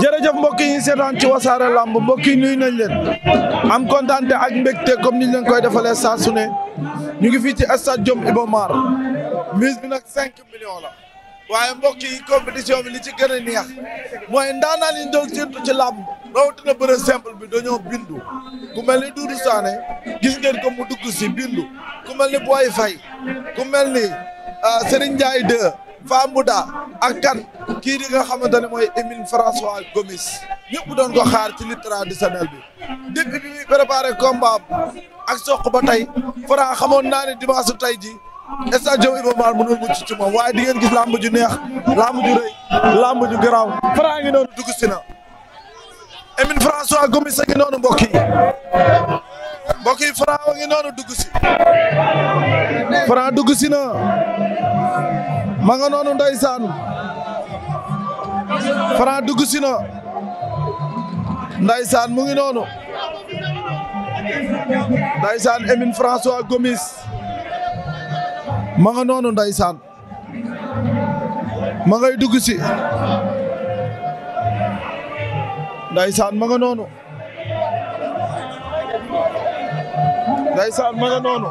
jërëjëf mbokk yi ñu seetaan ci wasaare lamb mbokk yi nuyu nañ leen am kontaan ak mbégte comme niñ leen koy defalee saa su ne ñu ngi fii ci stade Jom Iba Mar mise bi nag cinq millions la waaye mbokk yi compétition bi li ci gën a neex mooy ndaanaan yi doon séntu ci làmb rawatina bëre simple bi dañoo bindu ku mel ni Doudou Sané gis ngeen ko mu dugg si bindu ku mel ni Boy Faye ku mel ni euh, Serigne Ndiaye 2 Fambuda ak kan kii di nga xamante ne mooy Émile François Gomis ñëpp doon ko xaar ci lutte traditionnelle bi depuis bi muy préparé combat ak soq ba tey Franc xamoon naa ne dimanche su tey ji stade Iba Mar mënul mucc ci moom waaye di ngeen gis lamb ju neex lamb ju rëy lamb ju garaaw ngi noonu dugg si na Émile François Gomis a ngi noonu mbokk yi mbokk a ngi noonu dugg na ma nga noonu ndeysaan Franc dugg si na ndeysaan mu ngi noonu ndeysaan Emine François Gomis ma nga noonu ndeysaan ma ma nga noonu ndeysaan ma nga noonu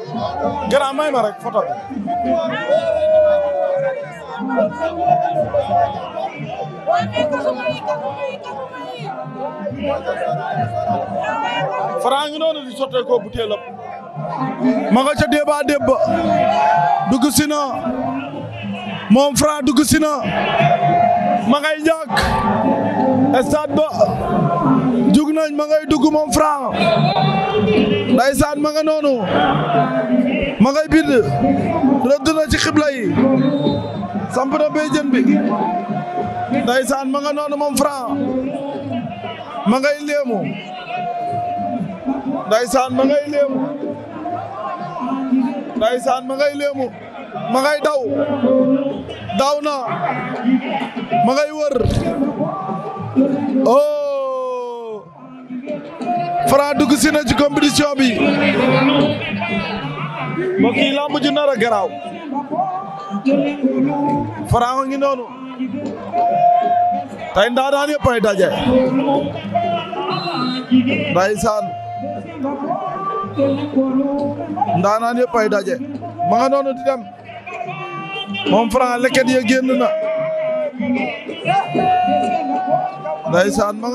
gannaaw may ma rek photo bi. noonu di ko butéel ab ma nga ca déeba moom Franc dugg si na ma ngay jug nañ ma dugg moom Franc ndaysaan ma nga noonu ma ngay bind rëdd na ci xibla yi samp na bee jën bi ndaysaan ma nga noonu moom Franc ma ngay léemu ndaysaan ma ngay léemu ndaysaan ma ngay léemu daw daw na ma wër oh Franc dugg si na ci compétition bi mbokk yi lamb ju nar a garaaw Franc ngi noonu ndaanaan yëpp daje ndeysaan ndaanaan yëpp daje ma di dem moom Franc leket ya na ndeysaan ma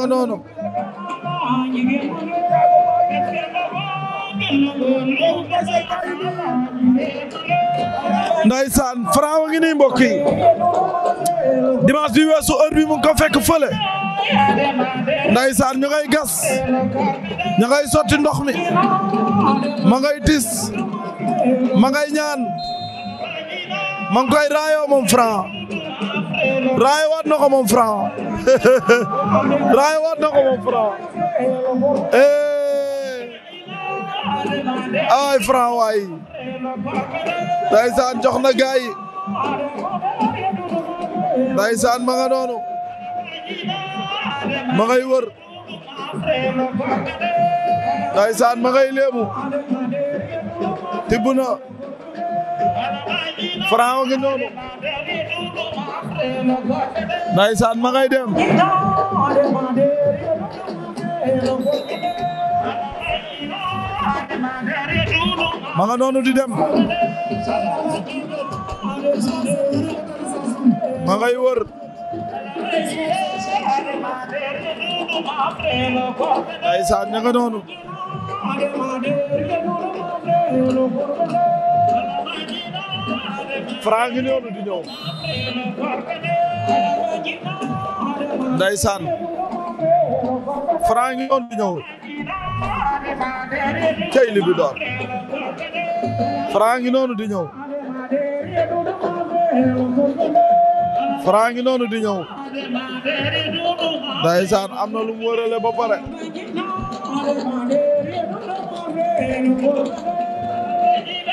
Ndeysaan Franc wa ngi nii mbokk yi dimanche bi weesu heure bi mu ko fekk fële Ndeysaan ñu ngay gas ñu ngay sotti ndox mi ma ngay tis ma ngay ñaan ma ngi raayoo moom Franc raay waat na ko moom Franc raay waat Franc eh. ay Franc waay jox na gaay ndeysaan ma nga noonu ma ngay wër ndeysaan ma ngay léemu tibb na Franc ngi noonu ndaysaan ma ngay dem ma nga noonu di dem ma ngay wër ndaysaan ña nga noonu Franc ngi noonu di ñëw ndeysaan Franc ngi noonu di ñëw cey bi door Franc ngi noonu di ñëw Franc ngi noonu di ñëw ndeysaan am na lu mu wërale ba pare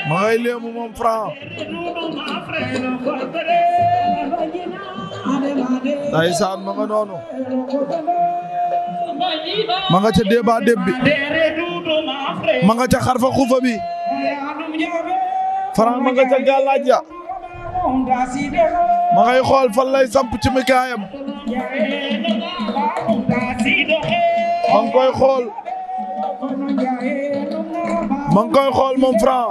ma ngay moom Franc Ndeysaan ma nga ca débat déb ma nga ca xarfa xufa bi Franc ma nga ca gàllaaj ya ma ngay xool fan lay samp ci mikaayam ma xool ma ngi koy xool moom Franc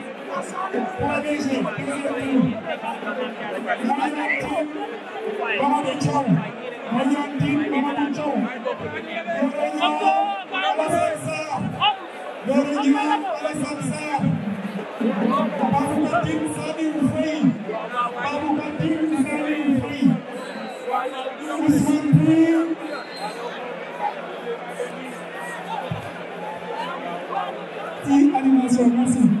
Television, Mamadou Thiaw Mamadou Thiaw Mamadou Thiaw Mamadou Thiaw Alassane Sarr Loro Ndiaye Alassane Sarr Baboucar Tine Saliou Faye Baboucar Tine Saliou Faye Ousmane Pouye ci animation merci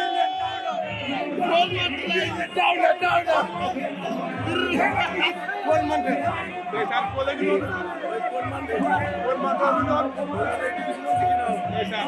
daw na daw na. Paul Menthe. ndeysaan Paul a ngi noonu. Paul Menthe. Paul Menthe a ngi noonu. ndeysaan.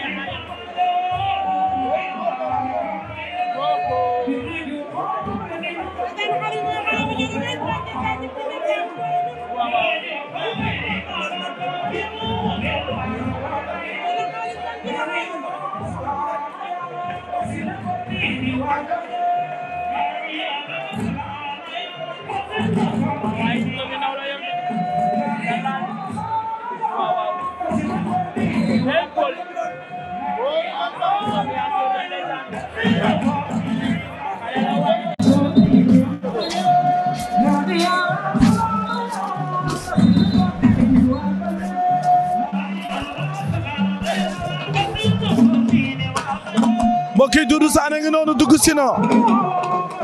mbokk yi Doudou Sané noonu dugg si na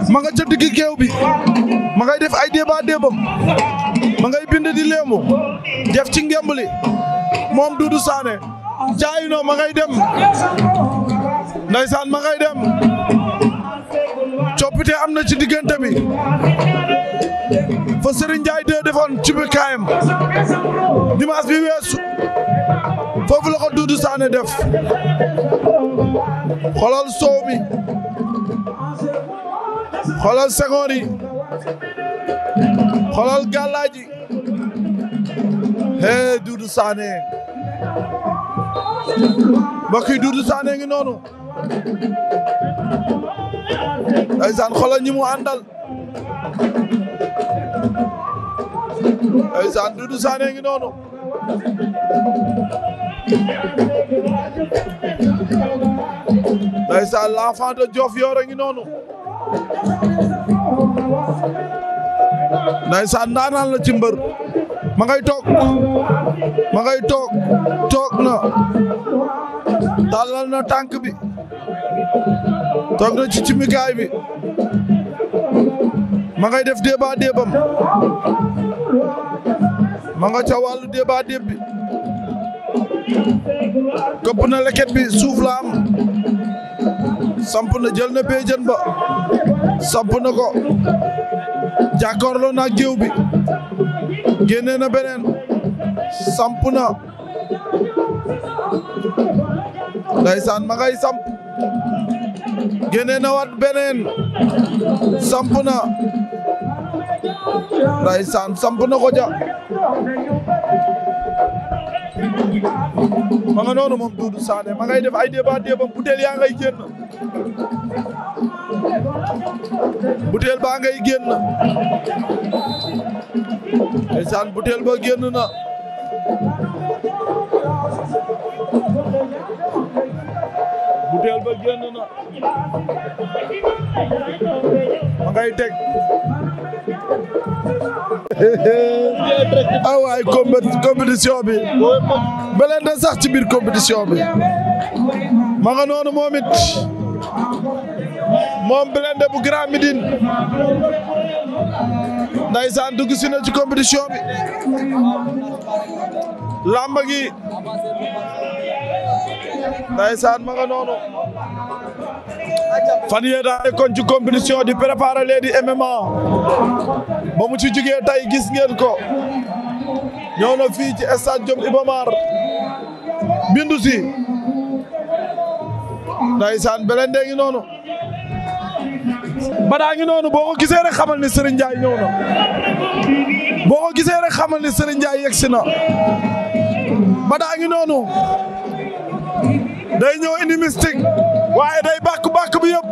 ma nga ca digg géew bi ma ngay def ay débat débam ma ngay bind di léemu def ci ngemb li moom Doudou Sané jaayu noo ma ngay dem ndaysaan ma ngay dem coppite am na ci diggante bi fa Serigne Ndiaye 2 defoon ci bi kaayam bi weesu Doudou Sané def xoolal soow mi xoolal sengoor yi xoolal gàllaaji hee Doudou Sané mbokk yi Doudou ngi noonu ndeysaan xoolal ñi mu àndal ndeysaan Doudou Sané ngi noonu ndeysaan l'enfant de Diof yoor a ngi noonu ndeysaan ndaanaan la ci mbër ma ngay toog ma ngay toog toog na tàllal na tànk bi toog na ci cimikaay bi ma ngay def débat débam ma nga ca wàllu débat déb bi këpp na leket bi suuf la samp na jël na ba samp na ko jàkkaarloo na géew bi génnee na beneen samp na ndaysaan ma ngay samp génnee wat beneen samp na ndeysaan samp na ko ja ma nga noonu moom Doudou Sané ma ngay def ay débat débat butéel yaa ngay génn butéel baa ngay génn ndeysaan butéel ba génn na butéel ba génn na ma ngay teg ah waay compétition bi Blindé sax ci biir compétition bi ma moom it moom bu Grand Médine ndaysaan dugg ci compétition bi gi ndaysaan ma nga noonu fan yee daa nekkoon ci di préparer leen di ba mu ci jugee gis ngeen ko ñëw na fii ci stade Diop Iba Mar ngi noonu badaa ngi noonu boo ko gisee rek xamal ni Serigne Ndiaye ñëw gisee rek xamal ni Serigne Ndiaye yegsi na badaa ngi noonu day ñëw indi waaye day bàkk bàkk bi yëpp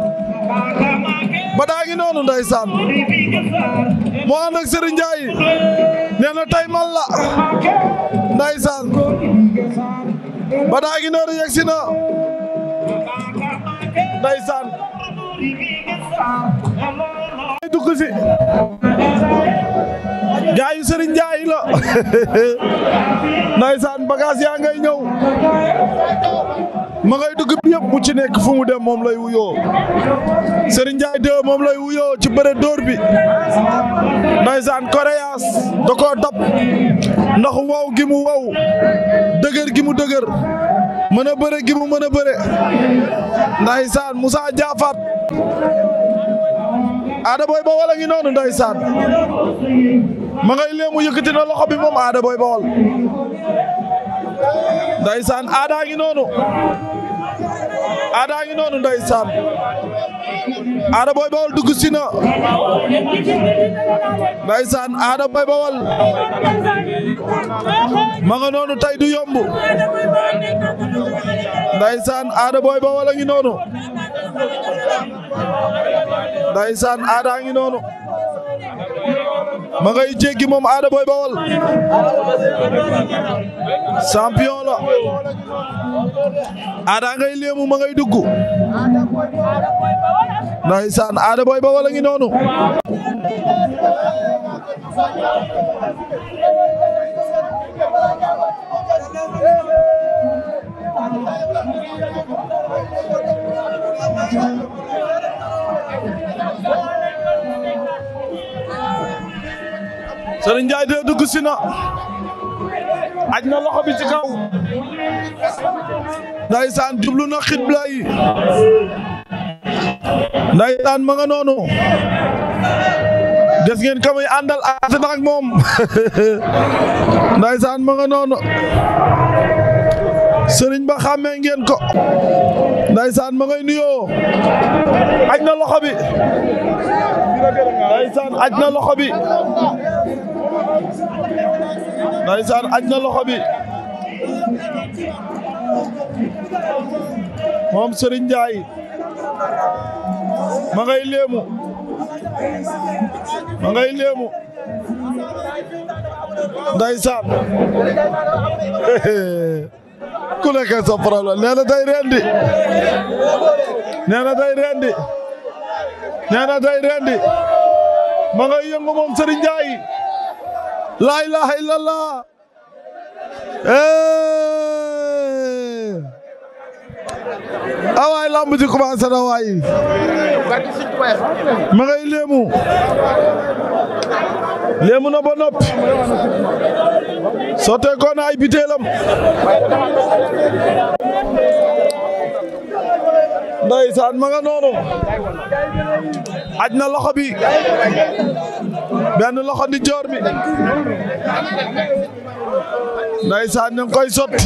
ba daa ngi noonu ndeysaan moo ànd ak Serigne Ndiaye nee na tey mal la ndeysaan ba daa ngi noonu yegg si na ndeysaan na ndaysaan bagage yaa ngay ñëw ma ngay dugg bi yëpp ci nekk fu mu dem moom lay wuyoo Serigne Ndiaye 2 moom lay wuyoo ci bëre dóor bi ndaysaan koréas da koo dab ndax wow gi mu wow dëgër gi mu dëgër mën a bëre gi mu mën a bëre ndaysaan Moussa Diafat Ada Boy Baol a ngi noonu ndeysaan ma ngay léemu yëkkati na loxo bi moom Ada Boy Baol ndeysaan Ada ngi noonu Ada ngi noonu ndeysaan Ada Boy Baol dugg si na ndeysaan Ada Boy noonu tey du yomb ndeysaan Ada Boy Baol ngi noonu noonu ma ngay jéggi moom Ada Boy Baol champion la Ada ngay léemu ma ngay dugg ndeysaan Ada Boy Baol a noonu Serigne Ndiaye de dugg si na aj na loxo bi ci kaw ndaysaan jublu na xibla yi ndaysaan ma noonu des ngeen ka muy àndal ànd ak moom ndaysaan ma noonu Serigne ba xàmmee ngeen ko ndaysaan ma ngay nuyoo aj na bi aj na loxo bi Ndeysaan aj na loxo bi moom Serigne Ndiaye ma ngay léemu ma ngay léemu ku nekk sa problème nee na day rendi nee na day rendi nee na day rendi ma ngay yëngu moom Serigne laa ilaaha illallah awaay ah lamb ji commencé na waay ma ngay léemu ba noppi sottee ko na ay ndeysaan ma nga noonu aj na loxo bi benn loxo ni joor bi ndeysaan ñu ngi koy sotti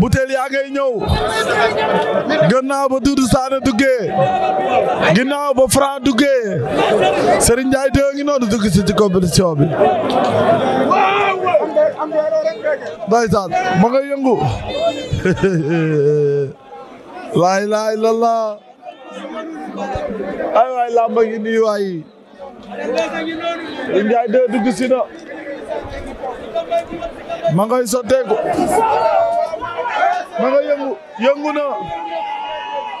butéel yaa ngay ñëw gannaaw ba Doudou Sané duggee ginnaaw ba Franc duggee Serigne Ndiaye dégg ngi noonu dugg si ci compétition bi ndeysaan ma nga yëngu laa ilaaha illallah ay waay làmb ngi nii waay i njaay de dugg na ma ngay sotteeku ma nga yëngu yëngu na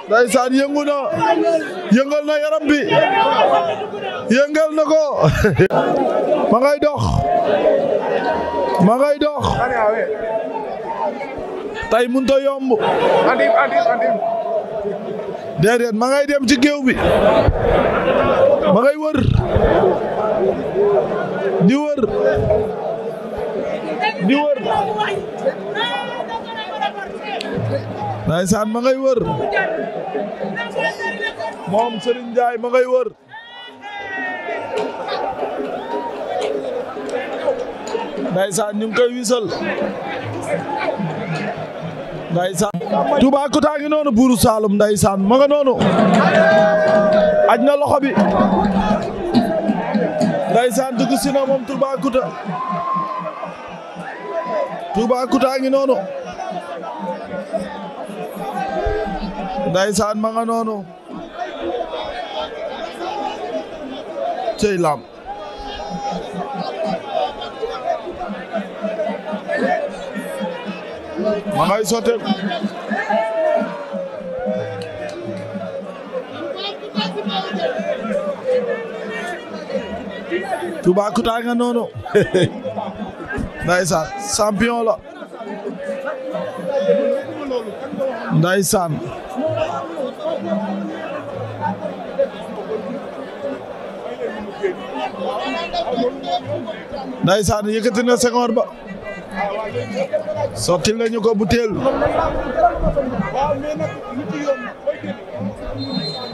ndeysaan yëngu na yëngal na yaram bi yëngal na ko ma ngay dox ma ngay dox tey mënut a yomb. adim adim adim. déedéet ma ngay dem ci géew bi ma ngay wër di wër di wër. Ndeysaan ma ngay wër moom Serigne Ndiaye ma wër Ndeysaan ñu ngi koy wisal ndeysaan Toubacouta ngi noonu buuru Saalum ndeysaan saan nga noonu aj na loxo bi ndeysaan dugg si na moom Toubacouta Toubacouta ngi noonu ndeysaan ma nga noonu cey lam ma ngay sotte Toubacouta nga noonu ndaysaan champion la ndaysaan ndaysaan yëkkati na Senghor ba sottil nañu ko butéel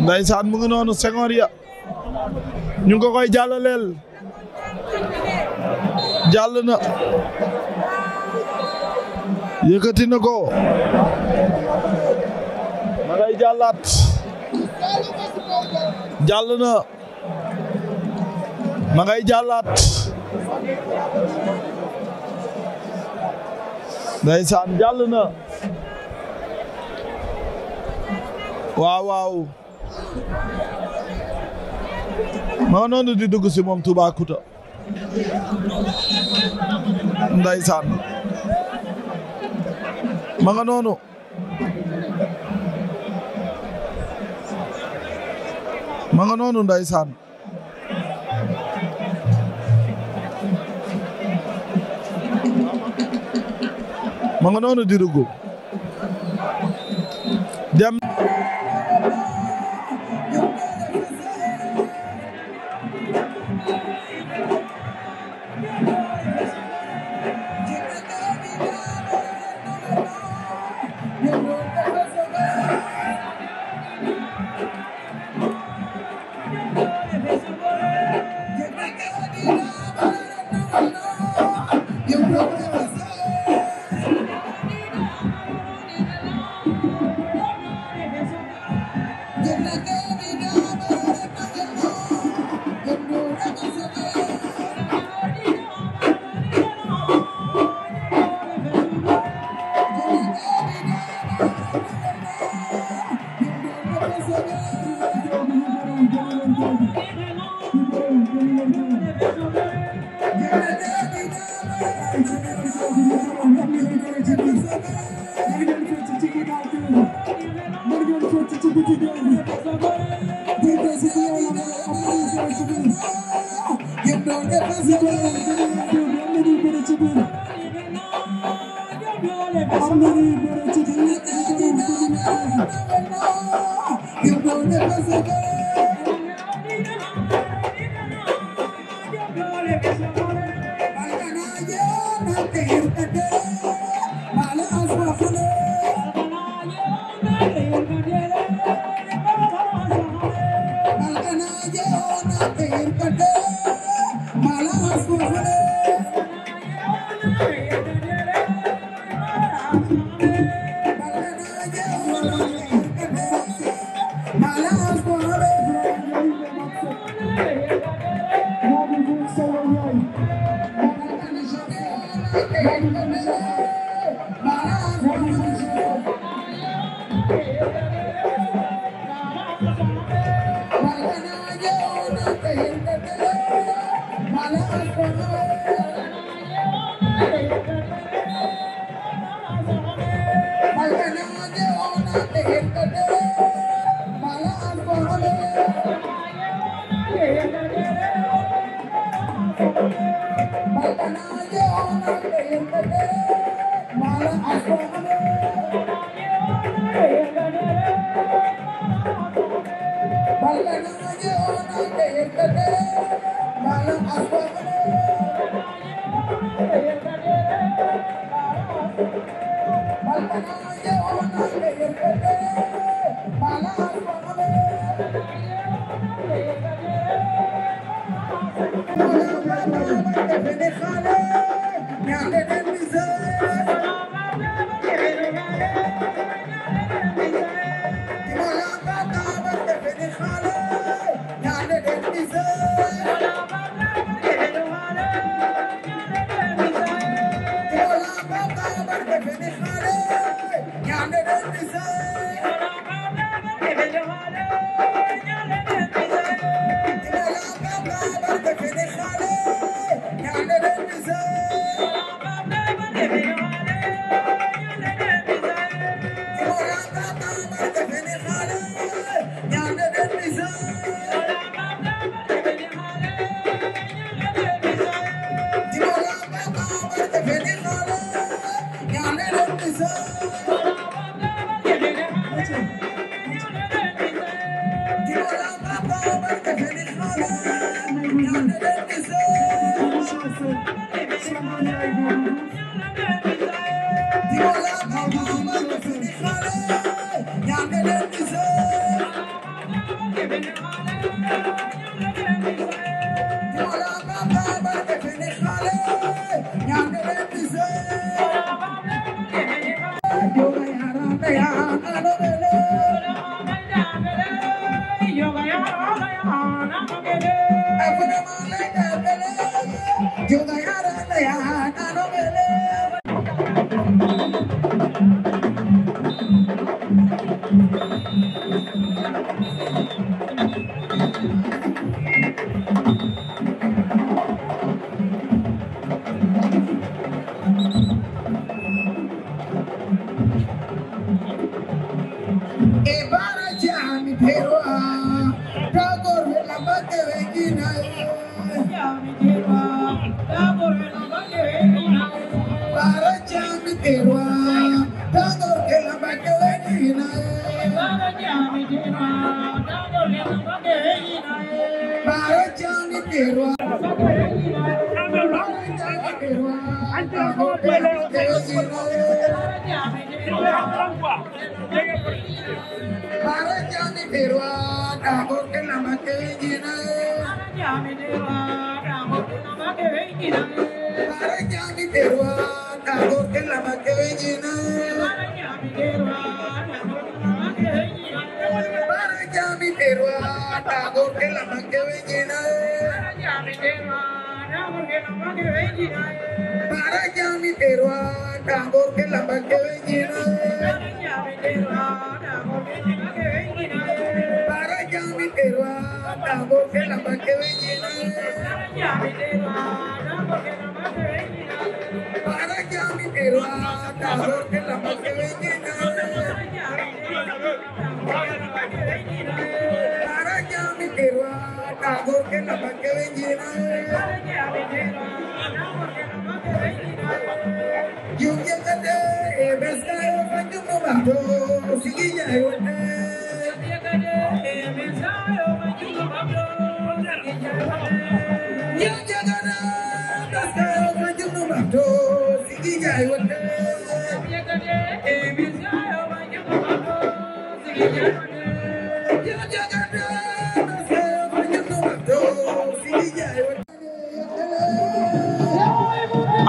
ndaysaan mu ngi noonu sengoor ya ñu ngi ko koy jàllaleel jàll na yëkkati na ko ma ngay jàllaat jàll na ma ngay jàllaat ndeysaan jàll na ma noonu di dugg si moom Toubacouta ndeysaan ma nga noonu ma nga noonu ndeysaan ma nga noonu di dugg dem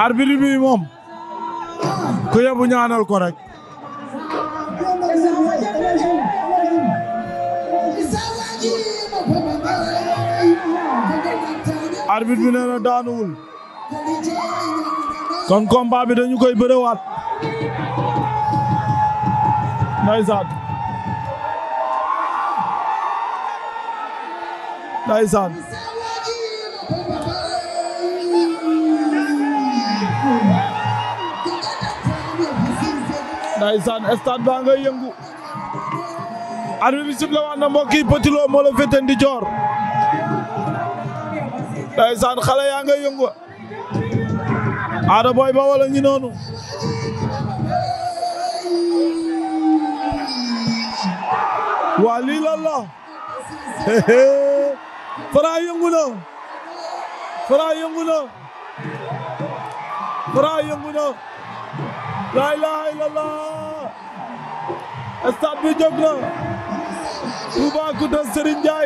arbitre bi moom ku yebu ñaanal ko rek arbitre kon combat bi dañu koy bërewaat ndeysaan ndeysaan ndeysaan stade baa ngay yëngu arbitre bi siflé waat na mbokk yi Petit Lo moo la féete ndi joor ndeysaan xale yaa ngay yëngu Ada Boy Baol a ngi noonu waa lii lan la Franc yëngu na Franc yëngu na Franc yëngu na laa ilaaha illallah stade bi jóg na Toubacouta Serigne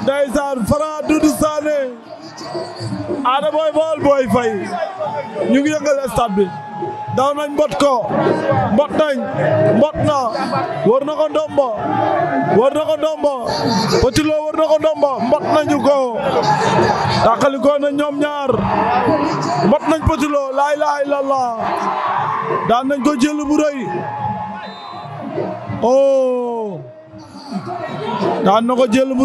Ndiaye Ada Boy Baol Boy Faye ñu ngi yëngal bi daw nañ mbot ko mbot nañ mbot na war na ko ndombo war na ko ndombo Petit war na ko ndombo mbot nañu ko tàqali ko ñoom ñaar mbot nañ Petit Lo la ilaha daan nañ ko jël bu rëy oh. daan na ko jël bu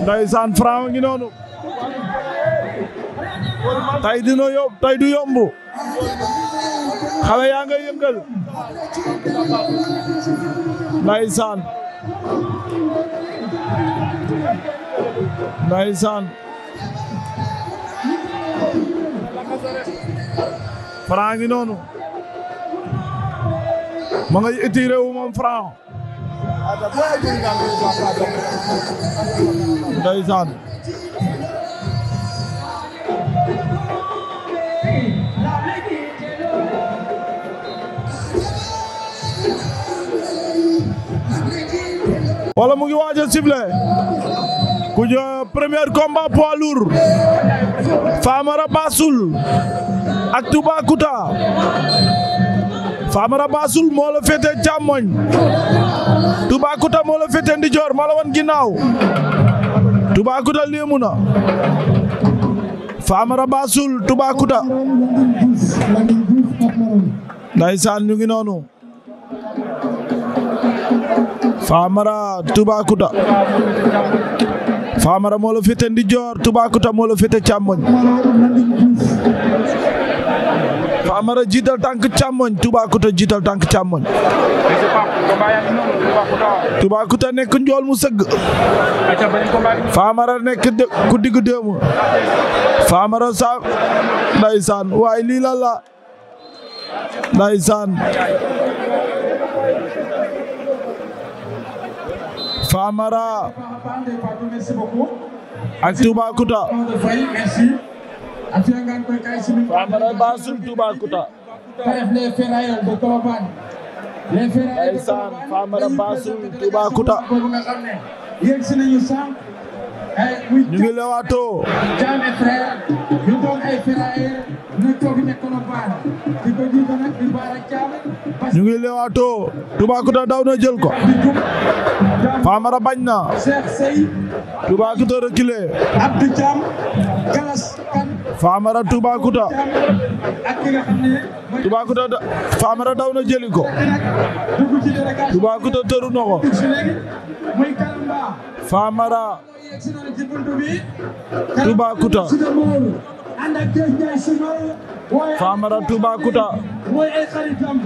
Ndeysaan Franc ngi noonu tay dina yomb tay xale yaa ngay yëngal ndeysaan ndeysaan Franc ngi noonu ma nga étiré wu moom Franc ndeysaan wala mu ngi waaj a sifflé ku jë premier combat poids lourd Famara Bassoul ak Toubacouta Famara Bassoul moo la féete càmmoñ Toubacouta moo la féete ndijoor moo la wan ginnaaw Toubacouta léemu na Famara Bassoul Toubacouta ndaysaan ñu ngi noonu Famara Toubacouta Famara moo la féete ndijoor Toubacouta moo la féete càmmoñ Famara jiital tànk càmmoñ Toubacouta jiital tànk càmmoñ Toubacouta nekk njool mu sëgg Famara nekk ku diggu dëemu Famara sa ndeysaan waay lii la la ndeysaan Famara ak Toubacouta Famara Bassoul Toubacouta ndeysaan Famara Bassoul Toubacouta ñu ngi lewaatoo ñu ngi leewaatoo Toubacouta daw na jël ko Famara bañ na Toubacouta reculé Famara Toubacouta Toubacouta Famara daw na jëli ko Toubacouta tëru na ko Famara ànd ak Géej Njaay Senghor waaye ay xaritam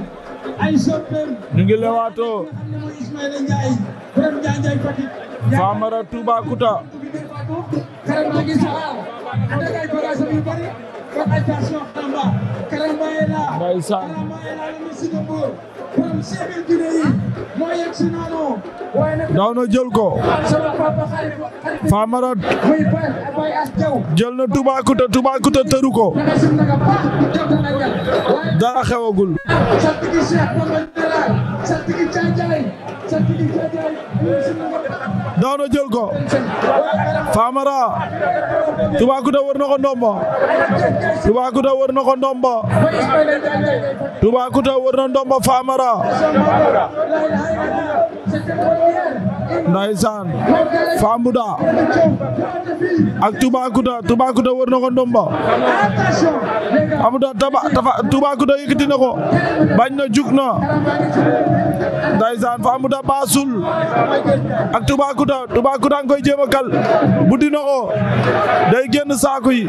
ay soppeem ngi lewaatoo mooy Ismaïla Njaay borom gi salaam ànd ak la ndeysaan karamba borom seexil Guinée yi moo yegg si daaw na jël ko. Famara jël na Toubacouta Toubacouta tëru ko. dara xewagul. daaw na jël ko Famara Toubacouta wër na dombo ndomba Toubacouta wër na ko ndomba Toubacouta wër na ndomba Famara ndaysaan Fambuda ak Toubacouta Toubacouta wër na ko ndomba Fambuda taba Toubacouta yëkkati na ko bañ na jug baasul ak Toubacouta Toubacouta nga koy jéem day génn saaku yi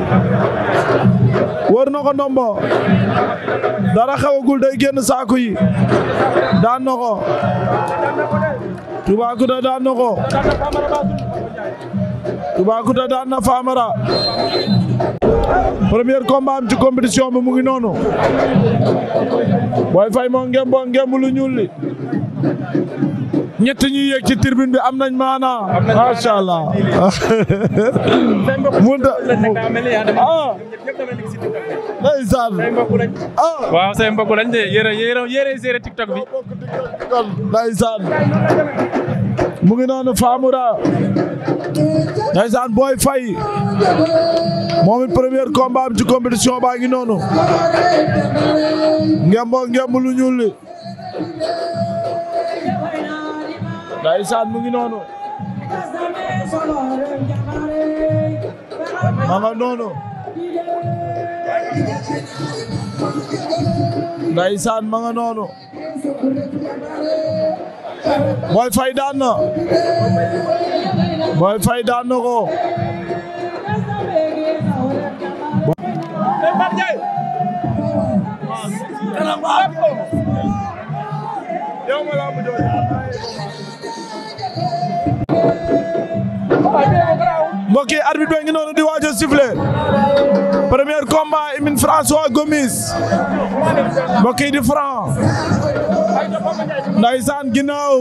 wër na ko ndombo xewagul day génn saaku yi Toubacouta daan na ko Toubacouta daan na Famara premier combat ci compétition bi mu ngi noonu Boy Faye moo ngem boo ngem lu ñuul li ñett ci tribune bi am nañ maana macha ndeysaan ah. waaw say mu ngi noonu Famoura ndeysaan Boy Faye moom premier combat baa ngi noonu ngembo ngemb lu ñuul li ndeysaan mu ngi noonu ma noonu Ndeysaan ma nga noonu Boy Faye na Boy Faye na ko mbokk yi arbitre bi ngi noonu di waaj a siffler combat Emine François Gomis mbokk yi di Franc ndaysaan ginnaaw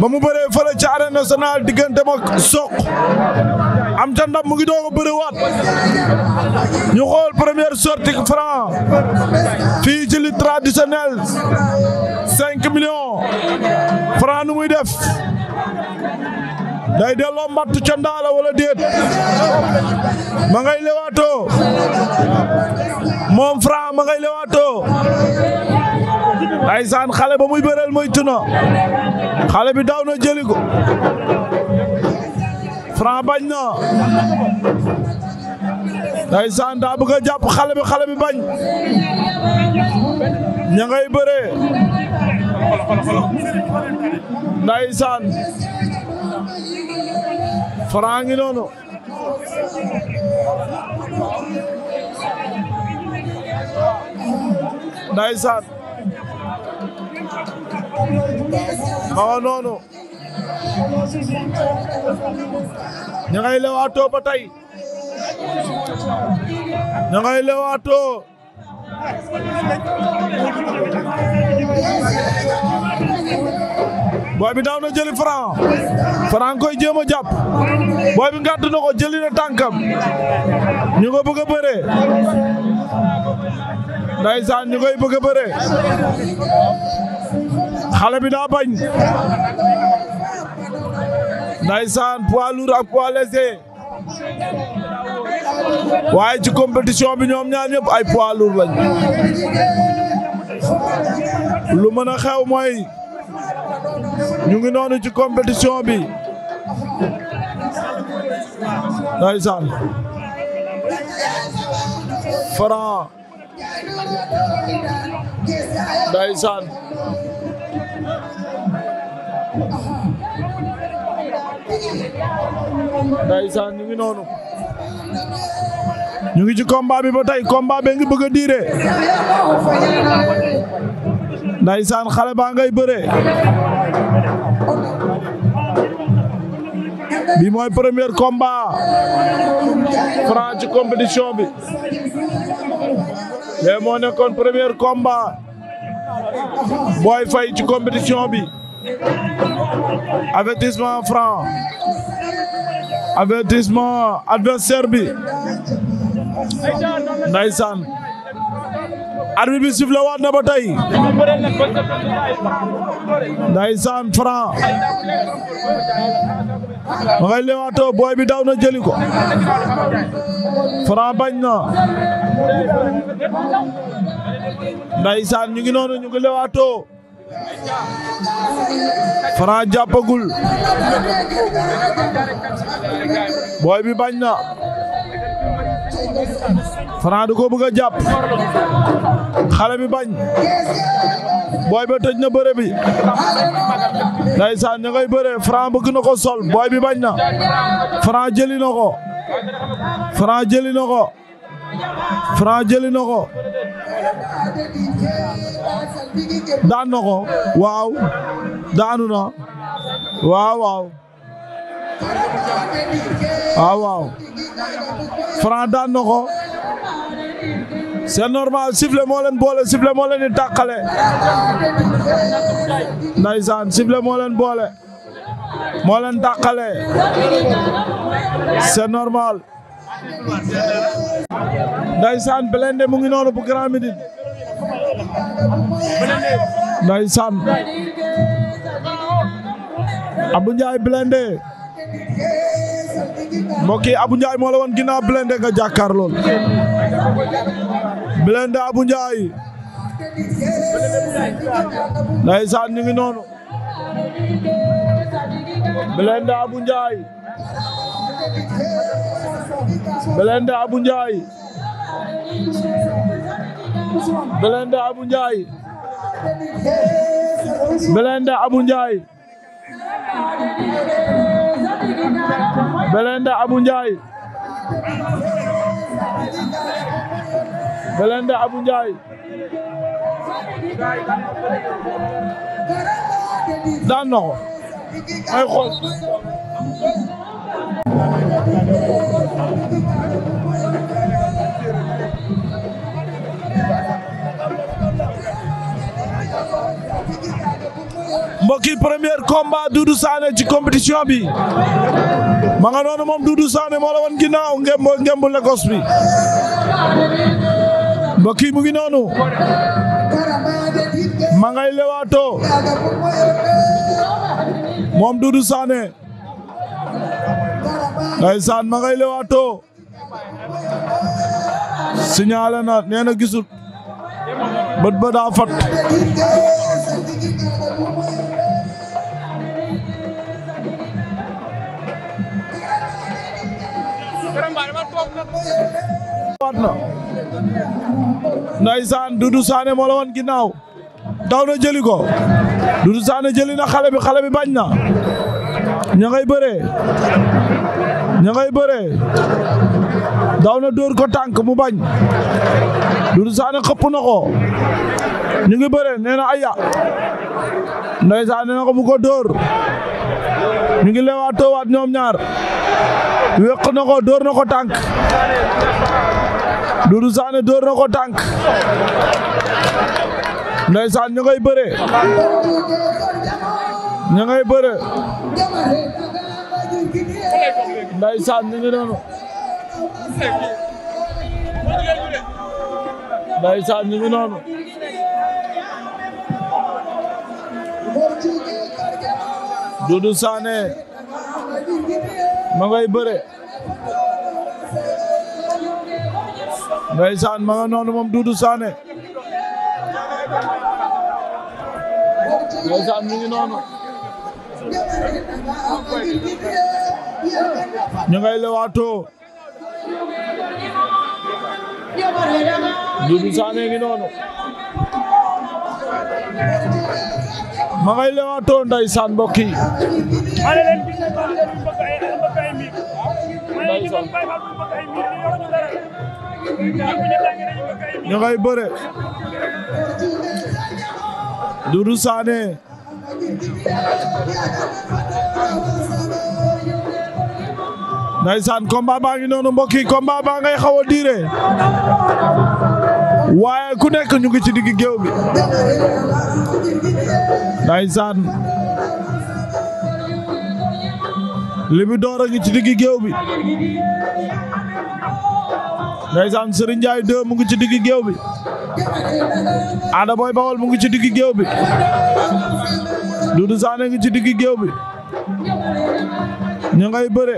ba mu bëree fële ci arène nationale diggante ma soq am ta ndam mu ngi doog a bëriwaat ñu xool première sortie Franc fii ci li cinq millions Franc nu muy def day delloo mbattu ca wala déet ma ngay lewaatoo moom Franc ma ngay lewaatoo ndeysaan xale ba muy bëreel muy tuna xale bi daw na jëli ko Franc bañ na ndeysaan daa bëgg jàpp xale bi xale bi bañ ña ngay bëree ndeysaan Franc ngi noonu ndeysaan ma nga ña ngay lewaatoo boy bi daaw na jëli Franc Franc koy jéem a jàpp bi ngàdd na ko jëli na tànkam ñu ko bëgg a bëre ndaysaan ñu koy bëgg a xale bi daa bañ ndaysaan poids lourd ak poids waaye ci compétition bi ñoom ñaar ñëpp ay poids lourd lañ lu mën a xew mooy ñu ngi noonu ci compétition bi ndeysaan Franc ndeysaan ñu ngi noonu ñu ngi ci komba bi ba tey combat bee ngi bëgg a diire ndeysaan xale baa ngay bëre bi mooy premier combat Franc ci compétition bi mais moo nekkoon premier komba Boy Faye ci compétition bi avertissement Franc avertissement adversaire bi ndaysaan arbitre bi sifflé waat na ba tey ndaysaan Franc ma ngay lewaatoo booy bi daw na jëli ko bañ na ndaysaan ñu ngi noonu ñu ngi lewaatoo Franc jàppagul booy bi bañ na Franc du ko bëgg a jàpp xale bi bañ booy ba tëj na bëre bi ndeysaan ña ngay bëre Franc bëgg na ko sol booy bi bañ na Franc jëli na ko Franc jëli na ko Franc jëli na ko daan na ko waaw daanu na waaw waaw waaw daan na ko c'est normal sifflet moo leen boole sifflet moo leen di tàqale ndaysaan sifflet moo leen boole moo leen tàqale c'est normal ndaysaan Blindé mu ngi noonu bu Grand Médine ndeysaan Abou Ndiaye Blindé mbokk yi Abou moo la woon ginnaaw Blindé nga jàkkaar lool Blindé Abou Ndiaye ndeysaan ñu ngi noonu Blindé Abou Ndiaye Blindé Abou Ndiaye Blindé Abou Ndiaye Blindé Abou Ndiaye Blindé Abou Ndiaye ay xool bokki premier combat Doudou Sané ci compétition bi ma nga noonu moom Doudou Sané moo la woon ginnaaw ngemb ngemb Lagos bi mbokki mu ngi noonu ma ngay lewaatoo moom Doudou Sané ndeysaan ma ngay lewaatoo signalé na nee gisul bët ba daa fat Ndeysaan Doudou Sané moo la woon ginnaaw daw na jëli ko Doudou Sané jëli na xale bi xale bi bañ na ña ngay bëree ña bëree daw na dóor ko tànk mu bañ Doudou Sané xëpp na ko ñu ngi bëree nee na aya Ndeysaan nee na ko mu ko dóor ñu ngi leewaatoo waat ñoom ñaar wéq na ko dóor na ko tànk Doudou Sané dóor na ko tànk ndeysaan ñu ngay bëre ñu ngay bëre ndeysaan ñu ngi Doudou Sané ma ngay bëre ndeysaan ma nga noonu moom Doudou Sané ndeysaan mi ngi noonu ñu ngay lewaatoo Doudou Sané ngi noonu ma ngay lewaatoo ndeysaan mbokk yi ñu ngay bëre Doudou Sané ndeysaan combat baa ngi noonu mbokk yi baa ngay xaw a diire waaye ku nekk ñu ngi ci digg géew bi ndaysaan Libidor a ngi ci digg géew bi ndaysaan Serigne Ndiaye 2 mu ngi ci digg géew bi Ada booy Bawol mu ngi ci digg géew bi Doudou Sané ngi ci digg géew bi ñu ngay bëre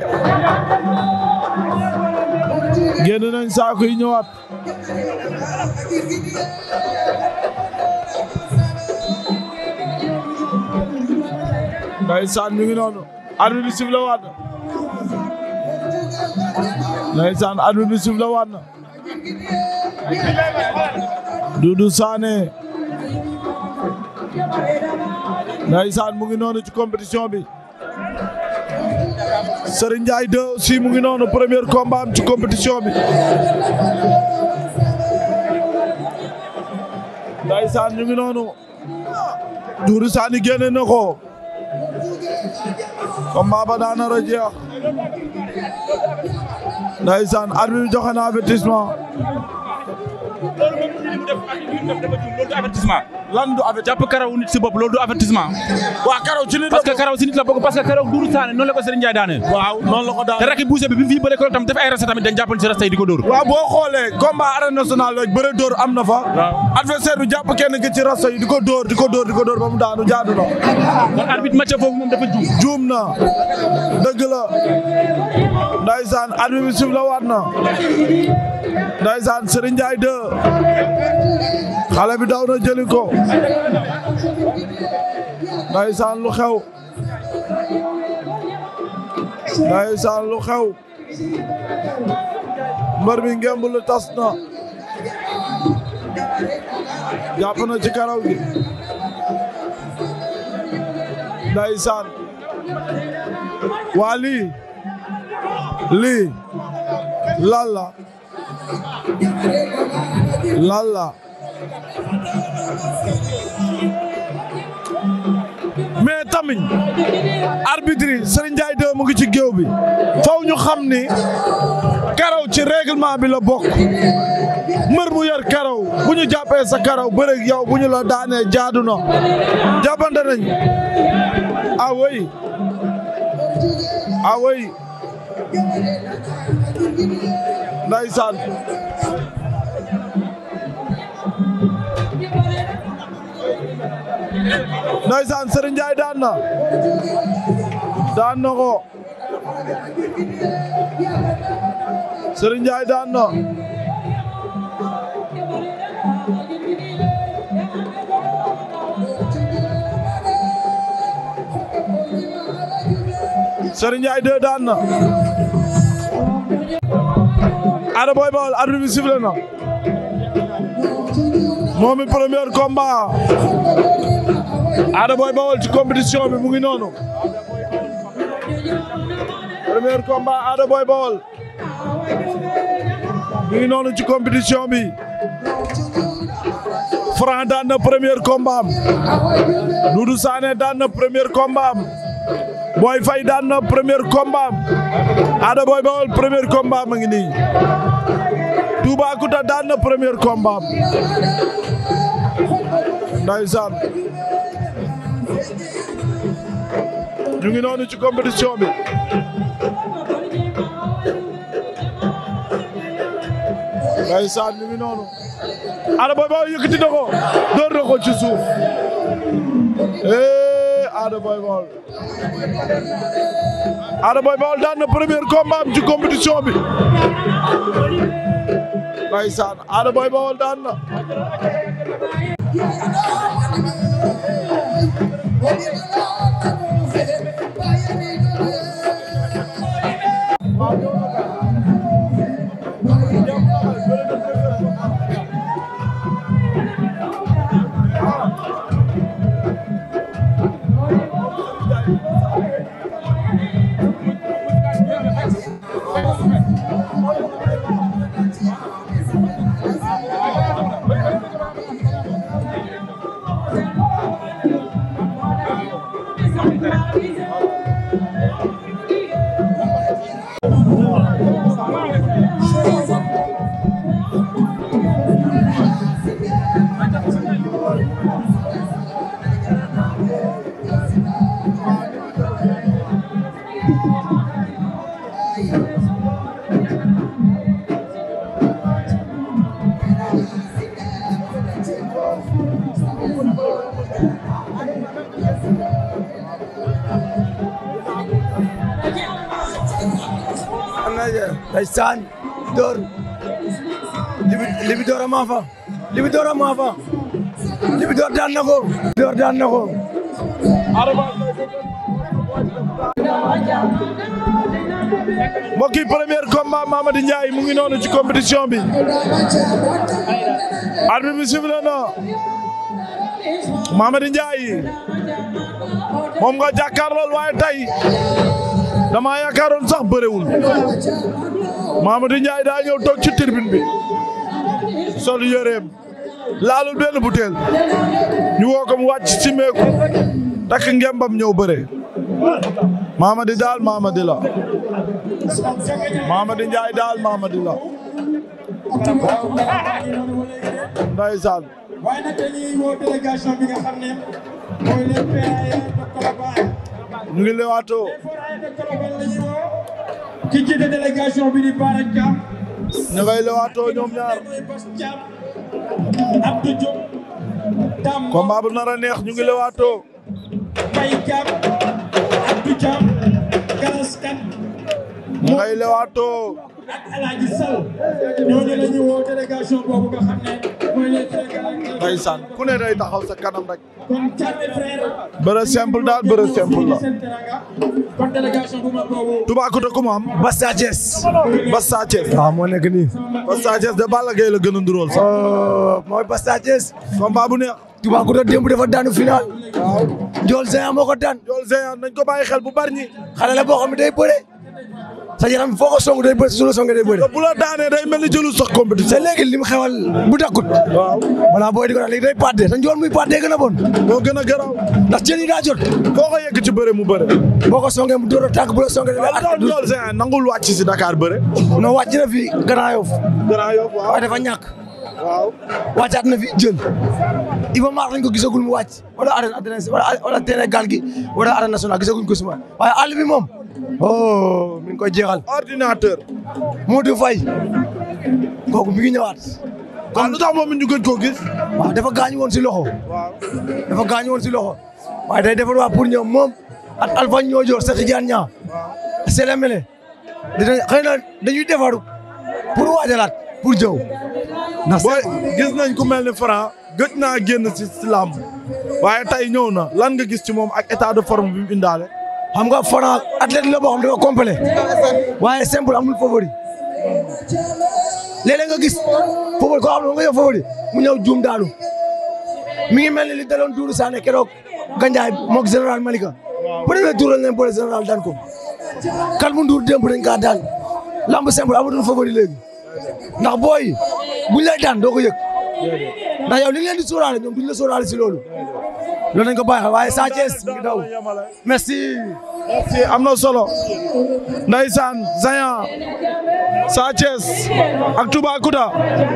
génn nañ saako yi ñëwaat Ndeysaan mi ngi noonu arbitre bi sifflé mu ngi noonu ci compétition bi Serigne Ndiaye 2 aussi mu ngi noonu premier combat ci compétition bi ndaysaan ñu ngi noonu Doudou Sané génne na ko combat ba daa nar a jeex ndaysaan arbitre bi joxe na avertissement def ak li ñu def dafa juum loolu du avertissement. lan du avertissement jàpp karaw nit si bopp loolu du avertissement. waaw karaw ci nit la parce que karaw si nit la bokk parce que karaw duuru saane noonu la ko Serigne Ndiaye daane. waaw noonu la ko daane te rakki buuse bi bi mu fi bëree ko tam def ay rasta tamit dañ jàppal si rasta yi di ko dóor. waaw boo xoolee combat arène nationale rek bëre dóor am na fa. waaw adversaire bi jàpp kenn ki ci rasta yi di ko dóor di ko dóor di ko dóor ba mu daanu jaadu na. kon arbitre match foofu moom dafa juum. juum na dëgg la ndaysaan arbitre bi sif la waat na ndaysaan Serigne Ndiaye 2 xale bi daw na ko ndeysaan lu xew ndeysaan lu xew mbër bi ngemb lu tas na ci karaw gi ndeysaan waa lii lii lan Lalla mais tamit arbitre yi Serigne Ndiaye mu ngi ci géew bi faw ñu xam ni karaw ci règlement bi la bokk mbër bu yar karaw bu ñu jàppee sa karaw bëreeg yow bu ñu la daane jaadu na jàppante nañ awoy awoy ndeysaan ndeysaan Serigne Ndiaye daan na Ada Boy Baol arbitre bi sifflé na moom i premier combat Ada Boy Baol ci compétition bi mu ngi noonu premier combat Ada Boy Baol mu ngi noonu ci compétition bi Franc daan na premier combat am Doudou Sané daan na premier combat am Boy Faye daan na premier combat am Ada Boy Baol premier combat ma ngi nii Toubacouta daan na premier combat ndeysaan ñu ngi noonu ci compétition bi ci suuf eh. Ada Boy Baol Ada Boy Baol daan na premier combat am ci compétition bi ndeysaan Ada Boy Baol daan na ndeysaan door libi door a maa libi door a maa libi door daan na ko door daan na ko mbokk yi premier combat Mamady Ndiaye mu ngi noonu ci compétition bi arbitre bi sifflé na Mamady Ndiaye moom nga jàkkaarlool waaye tey damaa yaakaaroon sax bërewul Mamadou Ndiaye daa ñëw toog ci tribune bi sol yëreem laalul benn butéel ñu woo ko mu wàcc ci meeku takk ngembam ñëw bëre Mamadou daal Mamadou la Mamadou Ndiaye daal Mamadou la mu ngi lewaatoo ki jiite délégation bi di Bara Thiam ñu ngay lewaatoo ñoom ñaar Abdou Diop combat bu nar a neex ñu ngi lewaatoo Baye Thiam Abdou Thiam ñu ngay lewaatoo ak El Hadj Sall ñooñu la ñu woo délégation boobu nga xam ne mooy les délégués. ndeysaan ku ne day taxaw sa kanam rek. kon Thiaté frère. bëre simple daal bëre simple la. kon délégation bu mag boobu. Toubacouta ku mu am. Bass Sa Thiès. Bass Sa Thiès. waaw ah, moo nekk nii. Bass Sa Thiès de Balla Gaye la gën a nduróol sax. Oh, mooy Bass Sa Thiès. combat bu neex. Toubacouta démb dafa daanu final. waaw Ndiol Géant moo ko daan. Ndiol Géant nañ ko bàyyi xel bu bari ñi. xale la boo xam ne day bëre. sa yaram foo ko song day bëri su la songee day bëri. bu la daanee day mel ni jëlu sax compétition. te léegi li mu xewal bu dakkut. waaw balaa booy di ko daan léegi day pàddee te njool muy a bon. moo a garaaw. ndax jën yi daa jot. mu bëre. boo ko songee mu door a tànk bu la songee. waaw loolu nangul wàcc si Dakar bëre. non wàcc na fi Grand Yoff. Grand Yoff waaw waaye na fi jën Iba Mar lañ ko gisagul mu wàcc wala arène wala terrain gaal gi wala arène nationale gisaguñ ko suma waaye àll moom oh mi ngi koy jeexal. ordinateur. Modou Faye. kooku mi ngi ñëwaat. waaw lu tax moom it ñu ko koo gis. waaw dafa gaañu woon si loxo. waaw dafa gaañu woon si loxo. waaye defar waa pour ñoom moom ak Alpha Niodior Cheikh Tidiane Niang. waaw Sélé Mélé. dinañ xëy na dañuy defaru pour pour jëw. ndax booy gis nañ ku mel ni Franc gëj naa génn si si làmb waaye tey ñëw na lan nga gis ci moom ak état de forme bi mu indaale. xam nga Franc athlète la boo xam dafa complet waaye simple amul favori léeg nga gis favori koo xam ne nga yow favori mu ñëw juum daanu mi ngi mel ni li daloon Doudou Sané keroog Gandiaye moog général Malika premier tour lañ leen boole ko kan mu nduur démb dañ kaa daan lamb simple amatul favori léegi ndax booy buñ daan doo ko yëg ndax yow li ngi leen di sóoraale si loolu loolu nañ ko bàyyi waaye Sa Thiès ngi daw merci merci am na solo ndeysaan Zayan Sa Thiès ak Toubacouta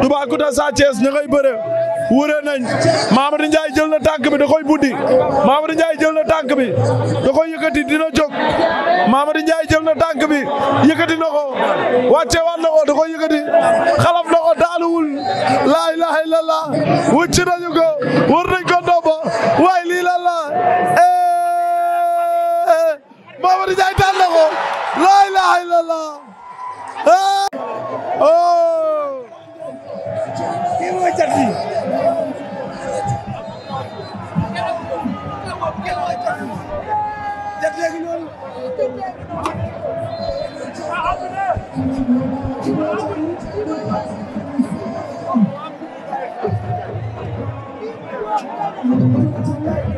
Toubacouta Sa Thiès ñu bëre wëree nañ Mamadou Ndiaye jël na tànk bi da koy buddi Mamadou Ndiaye jël na tànk bi da koy yëkkati dina jóg Mamadou Ndiaye jël na tànk bi yëkkati na ko wàcce waat na ko da koy yëkkati na ko daaluwul laa ilaha illallah wëcc nañu ko wër nañ ko ndomba waaye lii lan la eh Mamadou Ndiaye daan na ko laa ilaha illallah eh, oh kii mooy cat bi cat léegi noonu Thank you.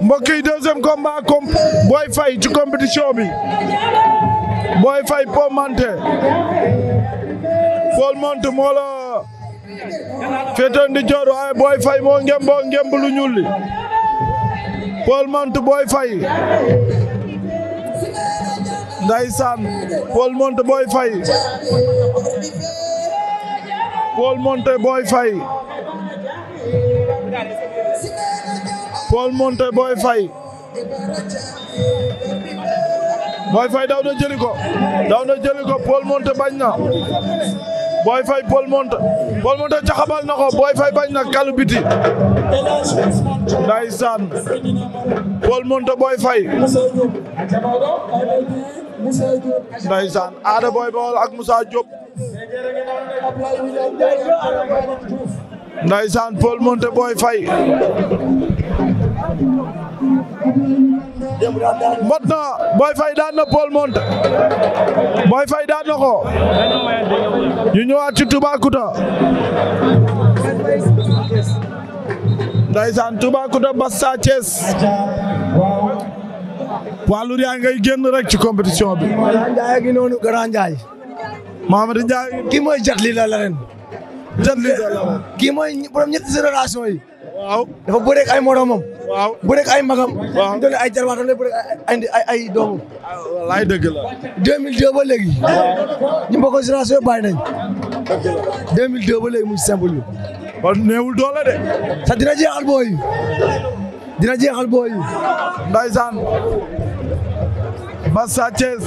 mbokk yi deuxième combat comp ci compétition bi Boy Faye Paul Menthe Paul Menthe di joor waaye Boy Faye moo ngem boo ngem lu ñuul li Paul Menthe Boy Faye ndaysaan Paul Monté Boy Faye Paul Monté Boy Faye Paul Monté Boy Faye daw na jëli ko daw na jëli ko Paul Monté bañ na Boy Faye Paul Monta Paul Monta jaxabal na ko Boy Faye bañ na kalu biti ndeysaan Paul Monta Boy Faye ndeysaan Ada Boy Baol ak Moussa Diop ndeysaan Paul Monta Boy Faye mbot na Boy Faye daan na Paul Monte Boy Faye na ko ñu ñëwaat ci Toubacouta ndaysaan Toubacouta bas ngay génn rek ci compétition bi Njaay gi noonu kii mooy jatli la ren jatli la kii mooy borom ñetti génération yi waaw dafa bëre ay moromam. waaw bëre ay magam. waaw ñu ay jarwaatam lay bëre ay ay ay doomam. wallaay dëgg la. 2002 ba léegi. ñu mbokk génération bàyyi nañ. dëgg la 2002 ba mu simple bi. kon néewul doole de. sax dina jeexal booy yi dina jeexal booy yi. ndaysaan. Bassa Thiès.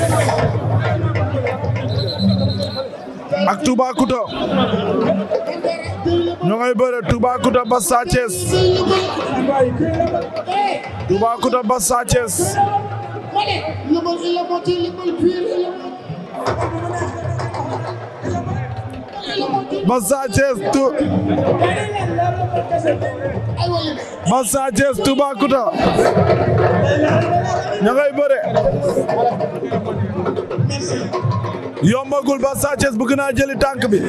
ak Toubacouta ñoo ngay bëre Toubacouta ba Sa Thiès Toubacouta ba Sa Thiès yombagul ba Sa Thiès bëgg naa jëli tànk bi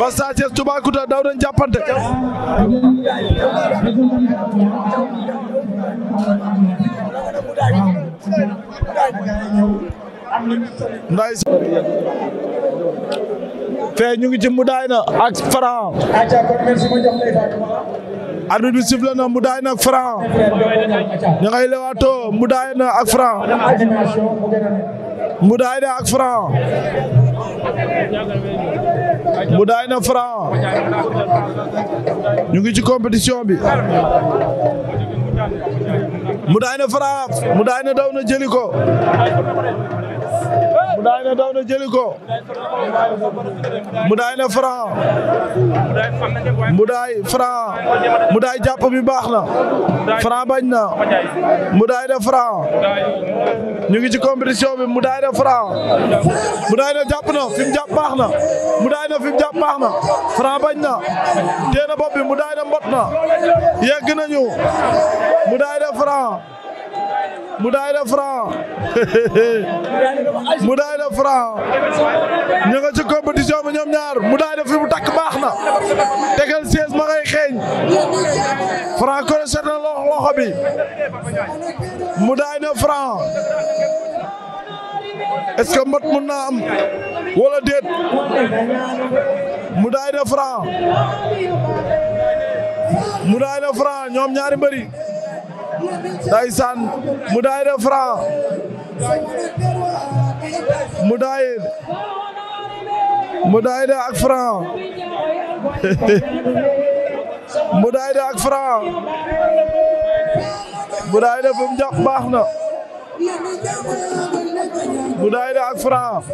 ba Sa Thiès Toubacouta daw dañ jàppante ñu ngi ci mudaay na ak Franc arbitre bi sifflé na Mboudaye na ak Franc ña ngay lewaatoo Mboudaye na ak Franc Mboudaye na ak Franc ñu ngi ci compétition bi Mboudaye na Franc Mboudaye na daw na jëli ko mu daay ne daw na jëli ko mu daay ne Franc mu daay Franc mu jàpp bi baax na Franc bañ na mu daay ne ñu ngi ci compétition bi mu daay ne Franc jàpp na fi mu baax na mu daay ne fi baax na Franc bañ na téena bopp bi mu daay ne mbot na yegg nañu mu daay ne Franc mu daay da franc mu daay da franc ñu nga ci bi ñoom ñaar mu daay da fi mu takk baax na tegal sées ma ngay xeeñ franc crochet na loxo loxo bi mu daay na franc est-ce que mbot mun naa am wala déet mu daay na franc mu daay na franc ñoom ñaari mbëri ndaysaan Moudaye de Franc Moudaye Moudaye de ak Franc Moudaye de ak Franc Moudaye de fum jàpp baax na Moudaye de ak Franc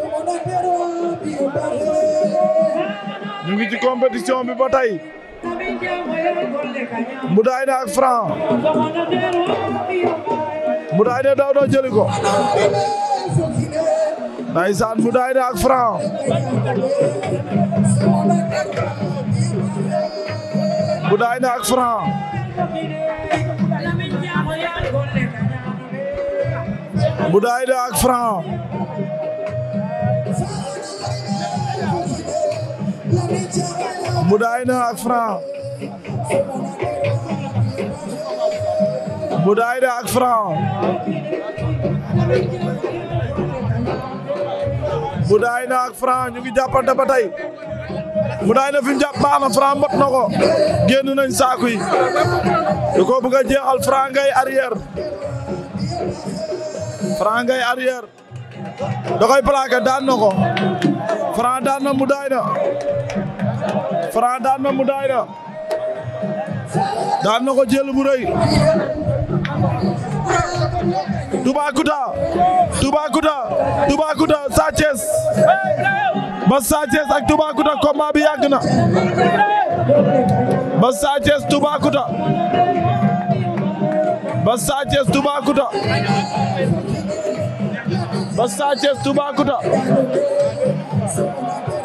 ñu ngi ci compétition bi ba tey Mboudaay na ak Franc Mboudaay na daw ak Franc Mboudaay na ak ak Franc Moudaayna ak Franc Moudaayna ak Franc Moudaayna ak Franc ñu ngi jàppante ba tey Moudaayna fi mu jàpp baax na Franc mbot nañ saaku yi da koo bëgg a jeexal Franc ngay arrière Franc ngay arrière da koy plaqué daan na ko Franc na Franc daan na mu daay daan na ko jël bu rëy Toubacouta Toubacouta Toubacouta ba Sa ak Toubacouta combat bi yàgg na ba Sa Thiès Toubacouta ba Sa Thiès ba Sa Thiès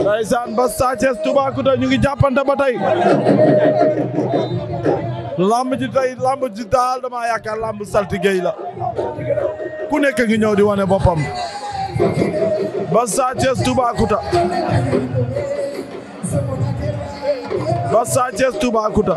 ndaysaan ba Sa Thiès Toubacouta ñu ngi jàppante ba tey lamb ji tey lamb ji daal dama yaakaar lamb saltigéey la ku nekk ngi ñëw di wane boppam ba Sa Thiès Toubacouta ba Sa Thiès Toubacouta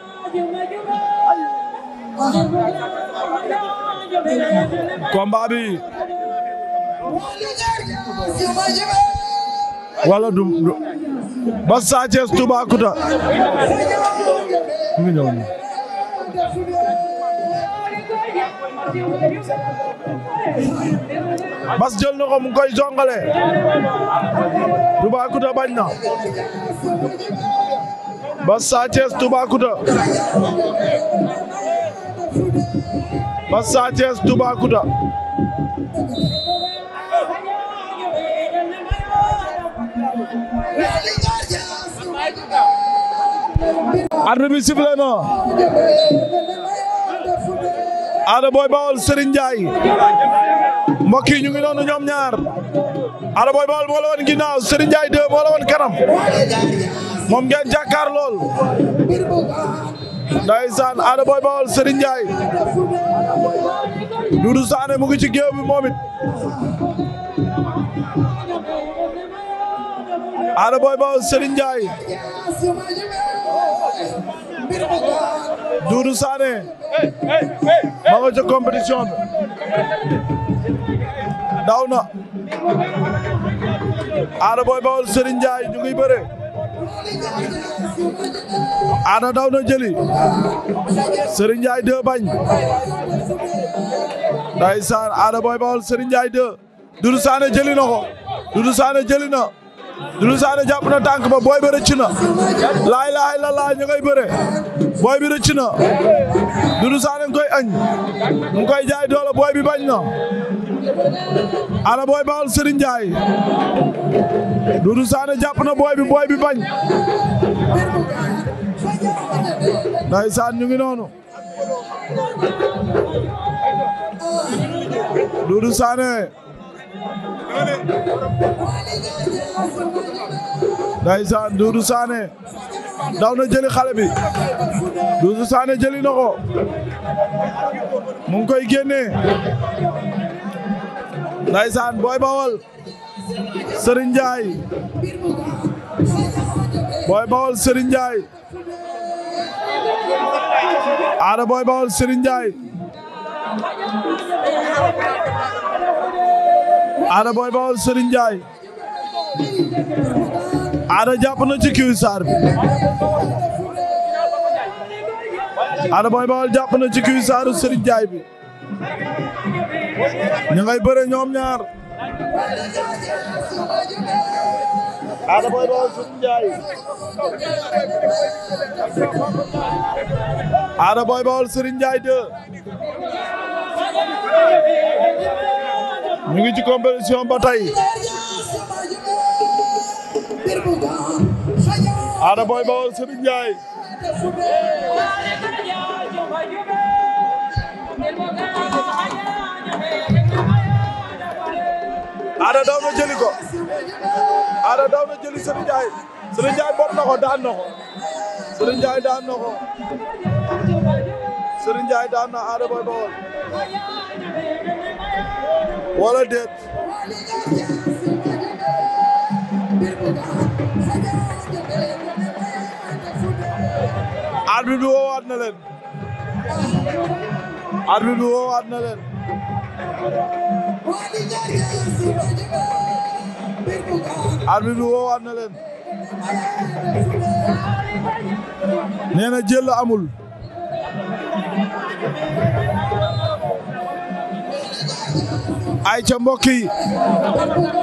combat bi wala du ba Sa Thiès Bas jël na koy jongale bañ na ba Sa Thiès Toubacouta ba Sa Thiès Toubacouta arbitre bi sifflé Ada Boy Baol Serigne Ndiaye mbokk yi ñu ngi noonu ñoom ñaar Ada Boy Baol moo la woon ginnaaw Serigne Ndiaye 2 moo la woon kanam moom ngeen jàkkaar lool ndeysaan Ada Boy Baol Serigne Ndiaye Doudou Sané mu ngi ci géew bi moom it Ada Boy Baol Serigne Ndiaye ma nga ca daw na Ada Boy Baol Serigne Ndiaye ñu ngi bëre Ada daw na jëli Serigne Ndiaye deux bañ ndeysaan Ada Boy Baol Serigne Ndiaye deux Doudou Sané jëli na ko Doudou Sané jëli na Doudou Sané jàpp na tànk ba booy bi rëcc na laay laay la laay ñu ngay booy bi rëcc na Doudou Sané nga koy añ mu jaay doole booy bi bañ na ana booy bawal Serigne Ndiaye Doudou Sané jàpp na booy bi booy bi bañ ndeysaan ñu ngi noonu Ndeysaan Doudou Sané daw na jëli xale bi Doudou Sané na ko mu ngi koy génnee Ndeysaan Boy Bawol Serigne Ndiaye Boy Bawol Serigne Ndiaye Ada Boy Bawol Serigne Ndiaye Ada booy Baol Serigne Ndiaye Ada jàpp na ci kiwi saar bi Ada Boy Baol jàpp na ci kiwi saaru Serigne Ndiaye bi ñu ngay bëre ñoom ñaar Ada Boy Baol Serigne ñu ngi ci compétition ba tey Ada Boy Baol Serigne Ndiaye Ada daw na jëli ko Ada daw na jëli daan na ko daan na ko daan na Ada Boy Baol wala déet arbitre bi woowaat na leen bi woowaat na na leen nee na jël amul ay ca mbokk yi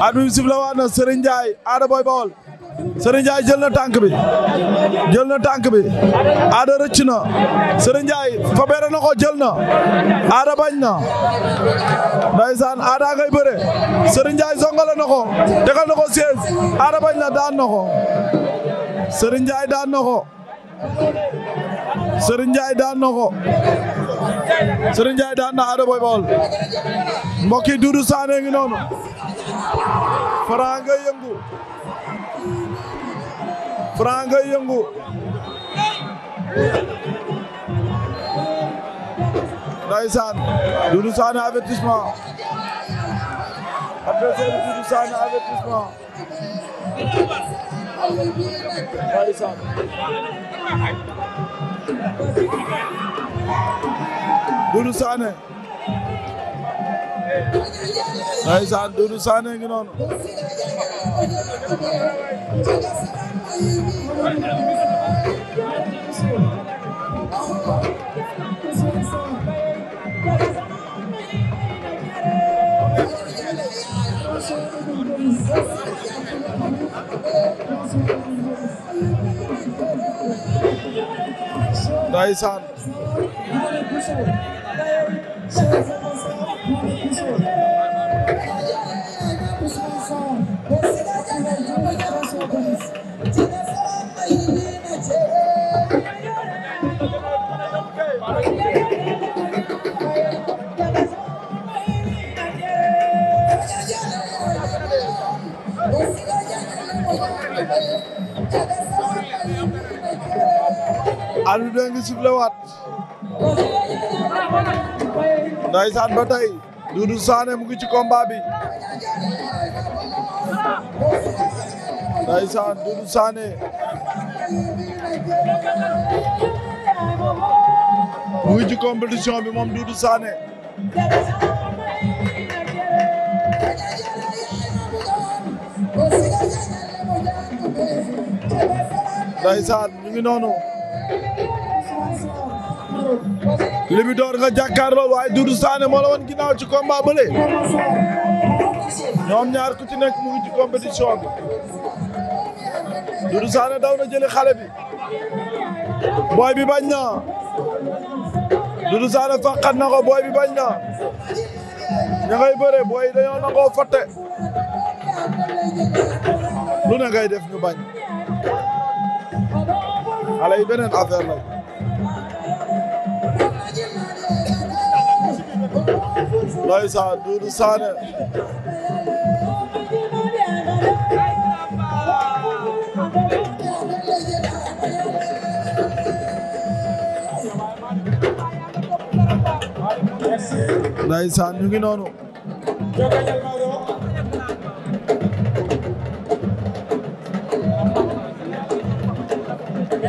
at bi sifla waat na Serigne Ndiaye Ada Boy Baol jël tànk bi jël tànk bi Ada rëcc na Serigne Ndiaye fa beere na ko jël na Ada bañ na ndaysaan bëre Serigne Ndiaye zongale na ko tegal na ko siège Ada daan na ko daan na ko daan na Serigne Ndiaye daan na Ada Boy Baol mbokk ngi noonu Franc yëngu Franc yëngu ndeysaan Doudou Sané avertissement adversaire Doudou Sané ndeysaan Doudou Sané ngi noonu ndeysaan arbitre ngi sifflé waat ndeysaan ba tey Doudou Sané mu ngi ci combat bi ndeysaan Doudou Sané mu ngi ci compétition bi moom Doudou Sané ndeysaan ñu ngi noonu Libidor nga jàkkaarloo waaye Doudou Sané moo la woon ginnaaw ci combat bële ñoom ñaar ku ci nekk mu ngi ci compétition bi Doudou Sané daw na jëli xale bi booy bi bañ na Doudou Sané faqat na ko booy bi bañ na ña bëre booy yi dañoo na koo lu ne def ñu bañ xale yi beneen affaire la. ndeysaan Doudou Sané. ndeysaan ñu ngi noonu.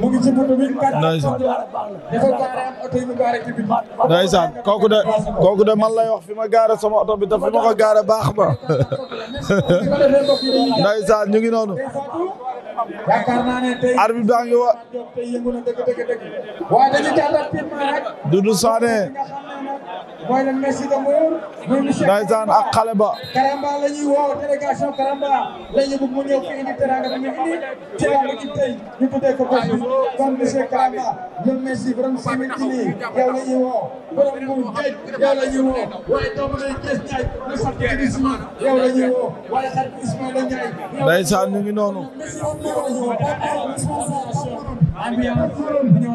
mu ngi ci buntu bi. ndeysaan kooku de kooku de man lay wax fi ma gaare sama oto bi te fi ma ko gaare baax ma ndeysaan ñu ngi noonu. yaakaar naa ne tey arbitre bi daa ngi wa waaye dañu jàllat pirement rek Doudou Sané mooy le Messi de Mbour muy monsieur ndeysaan ak xale ba Karamba la ñuy woo délégation Karamba la ñu bëgg mu ñëw fi indi teranga bi ñu indi ci làmb ci tey ñu tuddee ko bés bi kon monsieur Karamba le Messi borom Simitini yow la ñuy woo borom Mbour Géej yow la ñuy woo waaye doomu lay Géej Ndiaye lu sant ci bis yow la ñuy woo waaye xarit Ismaïla Ndiaye ndeysaan ñu ngi noonu Ousmane Sarr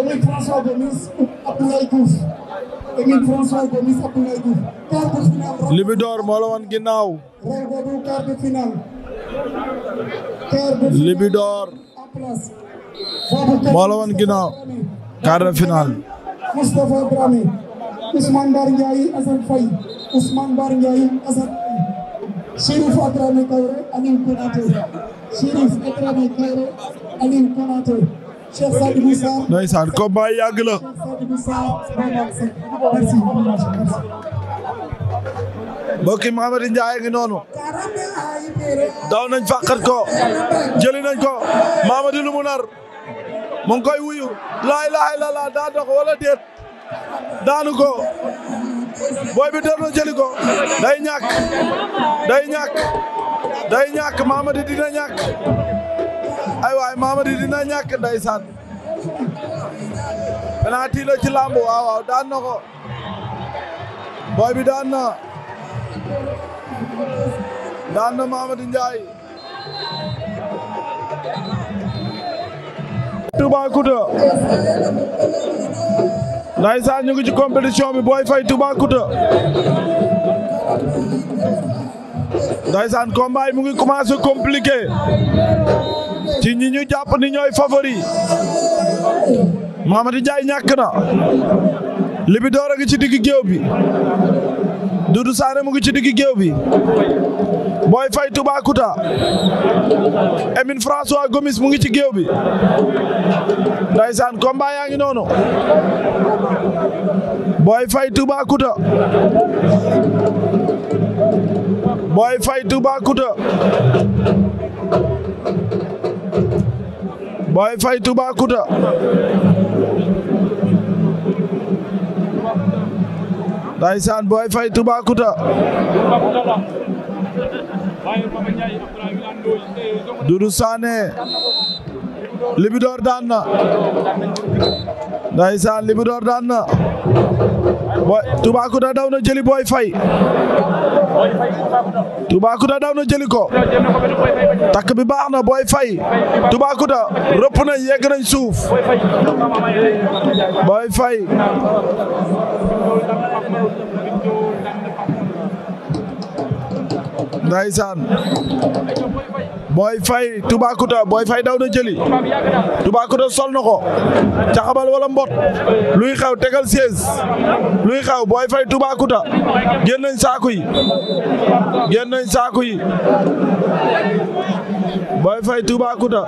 émile François Gomis Abdoulaye Diouf émile François Gomis Abdoulaye Diouf quart de finale Libidor moo la woon ginnaaw ren boobu quart de finale quart de finale Libidor moo la woon ginnaaw quart de finale Moustapha Dramé Ousmane Bar Ndiaye Assane Faye Ousmane Bar Ndiaye Assane Chérif Adramé Kairé Aliou Konaté Chérif Adramé Kairé Aliou Konaté ngi noonu daw nañ fàqat ko jëli nañ ko Mamadou mu nar mu koy wuyu laa ilaaha illallaah daa dox wala déet daanu ko booy bi dër na jëli ko day ñàkk day ñàkk day ñàkk dina ñàkk ay waay Mamadi dina ñàkk ndeysaan penalty la ci làmb waaw waaw daan na ko booy bi daan na daan na Mamadi Ndiaye Toubacouta ndaysaan ñu ngi ci compétition bi Boy Faye Toubacouta ndaysaan combat yi mu ngi commencé compliqué ci ñi ñu jàpp ni ñooy favori Mamady jaay ñàkk na Libidor a ngi ci digg géew bi Doudou Sané mu ngi ci digg géew bi Boy Faye Toubacouta Emine François Gomis mu ngi ci géew bi ndaysaan combat yaa ngi noonu Boy Faye Toubacouta Boy Faye Toubacouta Boy Faye Toubacouta ndaysaan booy fay Toubacouta Doudou Sané Libidor daan na ndaysaan Libidor daan na boy Toubacouta daw na jëli Boy Faye Toubacouta daw na jëli ko takk bi baax na Boy Faye Toubacouta rëpp na yegg nañ suuf Boy Faye ndeysaan Boy Faye Toubacouta booy Faye daw na jëli Toubacouta sol na ko caxabal wala mbot luy xaw tegal seize luy xaw booy Faye Toubacouta génn nañ saaku yi génn nañ saaku yi Boy Faye Toubacouta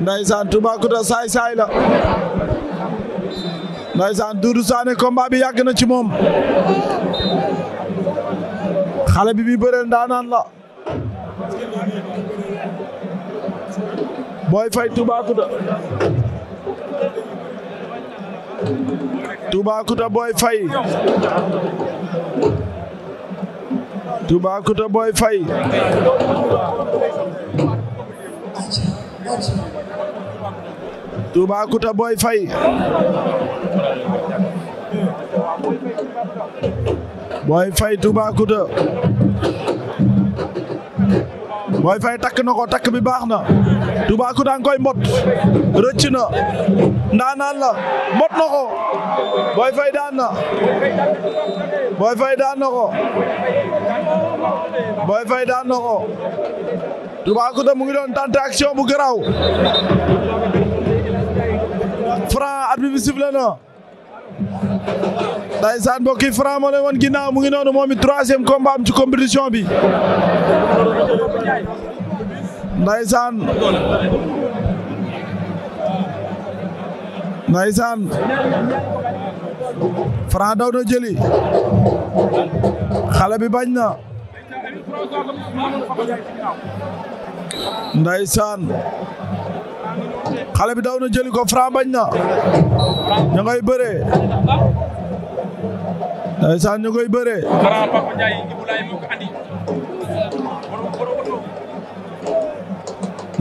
ndaysaan Toubacouta saay saay la ndaysaan Doudou Sané combat bi yàgg na ci moom xale bi bi bëreel daanaan la Boy Faye Toubacouta Toubacouta Boy Faye Toubacouta Boy Faye Toubacouta Boy Faye Boy Faye Boy Faye takk na ko takk bi baax na Toubacouta nga koy mbot rëcc na ndaanaan la na ko Boy Faye daan na Boy Faye daan na ko Boy daan na ko Toubacouta mu ngi doon bu garaaw Franc arbitre bi sifflé na Ndeysaan mbokk yi Franc moo leen woon ginnaaw mu ngi noonu moom i troisième combat am ci compétition bi. Ndeysaan. Ndeysaan. Franc daw na jëli. xale bi bañ na. xale bi daw na jëli ko bañ na ñu ngay bëree ndeysaan ñu ngay bëree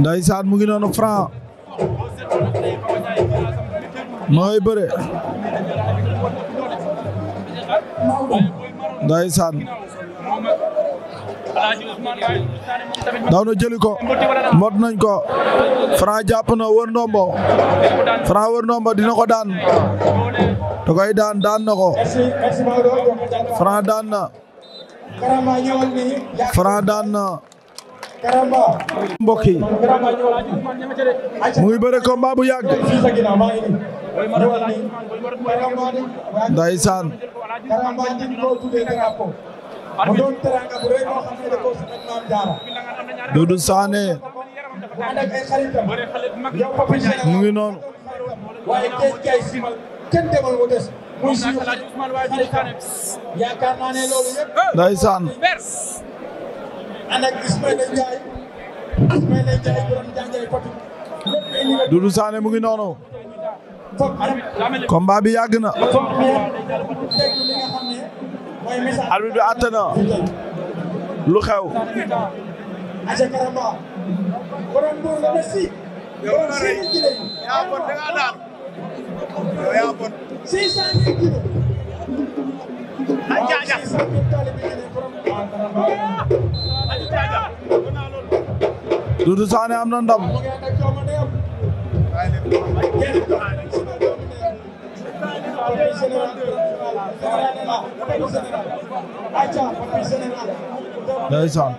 ndeysaan mu ngi noonu Franc mu ngay bëree ndeysaan daw na jëli ko mot nañ ko Franc jàpp na wër ndombo Franc wër ndombo dina ko daan da daan daan na ko Franc daan na Franc daan na mbokk mu ngi bëre combat bu yàgg mu doon mu ngi noonu. waaye tey kay simal kenn demal mu ngi noonu. combat bi yàgg na. arbitre bi àtte na lu xew Doudou Sané na ndam papay général ndeysaan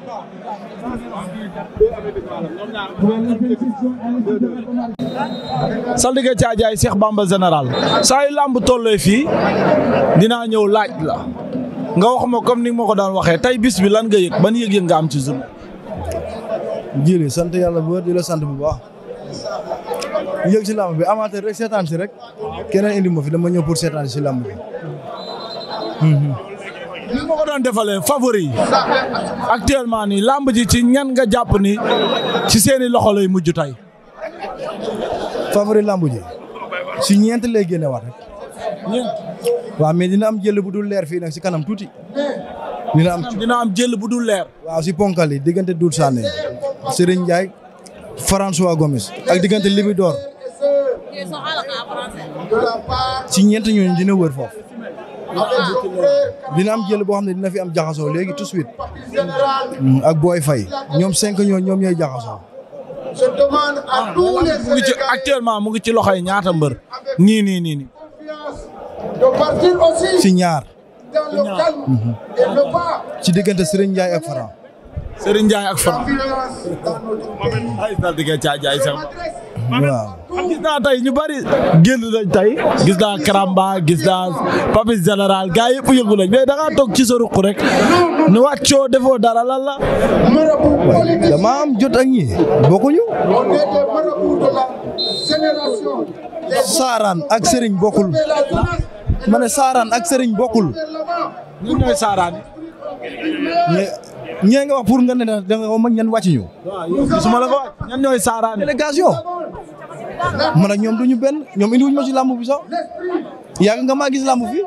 sa digga caajaay Cheikh général saa yu làmb tollee fii dinaa ñëw laaj la nga wax ma comme ni moo ko daan waxee tey bis bi lan nga yëg ban yëg-yëg nga am ci journée. jërëjëf sant yàlla bu wér di la sant bu baax. yëg si làmb bi amateur rek seetaan rek keneen indi ma fi dama ñëw pour seetaan si làmb bi. ni ma ko doon defalee favori actuellement nii làmb ji ci ñan nga jàpp ni ci seeni loxo lay mujj tey. favori làmb ji si ñeent lay génne waa rek. ñeent. waaw mais dina am jël bu dul leer fii nag si kanam tuuti. dina am dina am jël bu dul leer. waa si ponkal diggante Doudou Sané Serigne Ndiaye François Gomis ak diggante Libidor. ci ñeent ñooñu dina wër foofu. dina am jël boo xam ne dina fi am jaxasoo léegi tout de suite. Mm, ak booy fay ñoom cinq ñooñu ñoom ñooy jaxasoo. mu ngi ci actuellement mu ngi ci loxo yi ñaata mbër. nii nii nii nii. ci ñaar. ci diggante Serigne Ndiaye ak Franc. Serigne Ndiaye ak Franc. waaw gis naa tey ñu bari génn nañ tey gis naa Karamba gis naa Papis général gaa yëpp yëngu nañ mais da ngaa toog ci sa ruq rek nu wàccoo defoo dara lan la. dama am jot ak ñi bokkuñu. Saaraan ak Serigne bokkul. ma Saaraan ak Serigne bokkul. ñun ñooy Saaraan. ñee nga wax pour nga ne da nga ko mag ñan wàcc ñu. ma la ko wàcc ñan ñooy saaraan délégation. man ak ñoom duñu benn ñoom indiwuñu ma ci làmb bi sax yàgg nga maa gis làmb fi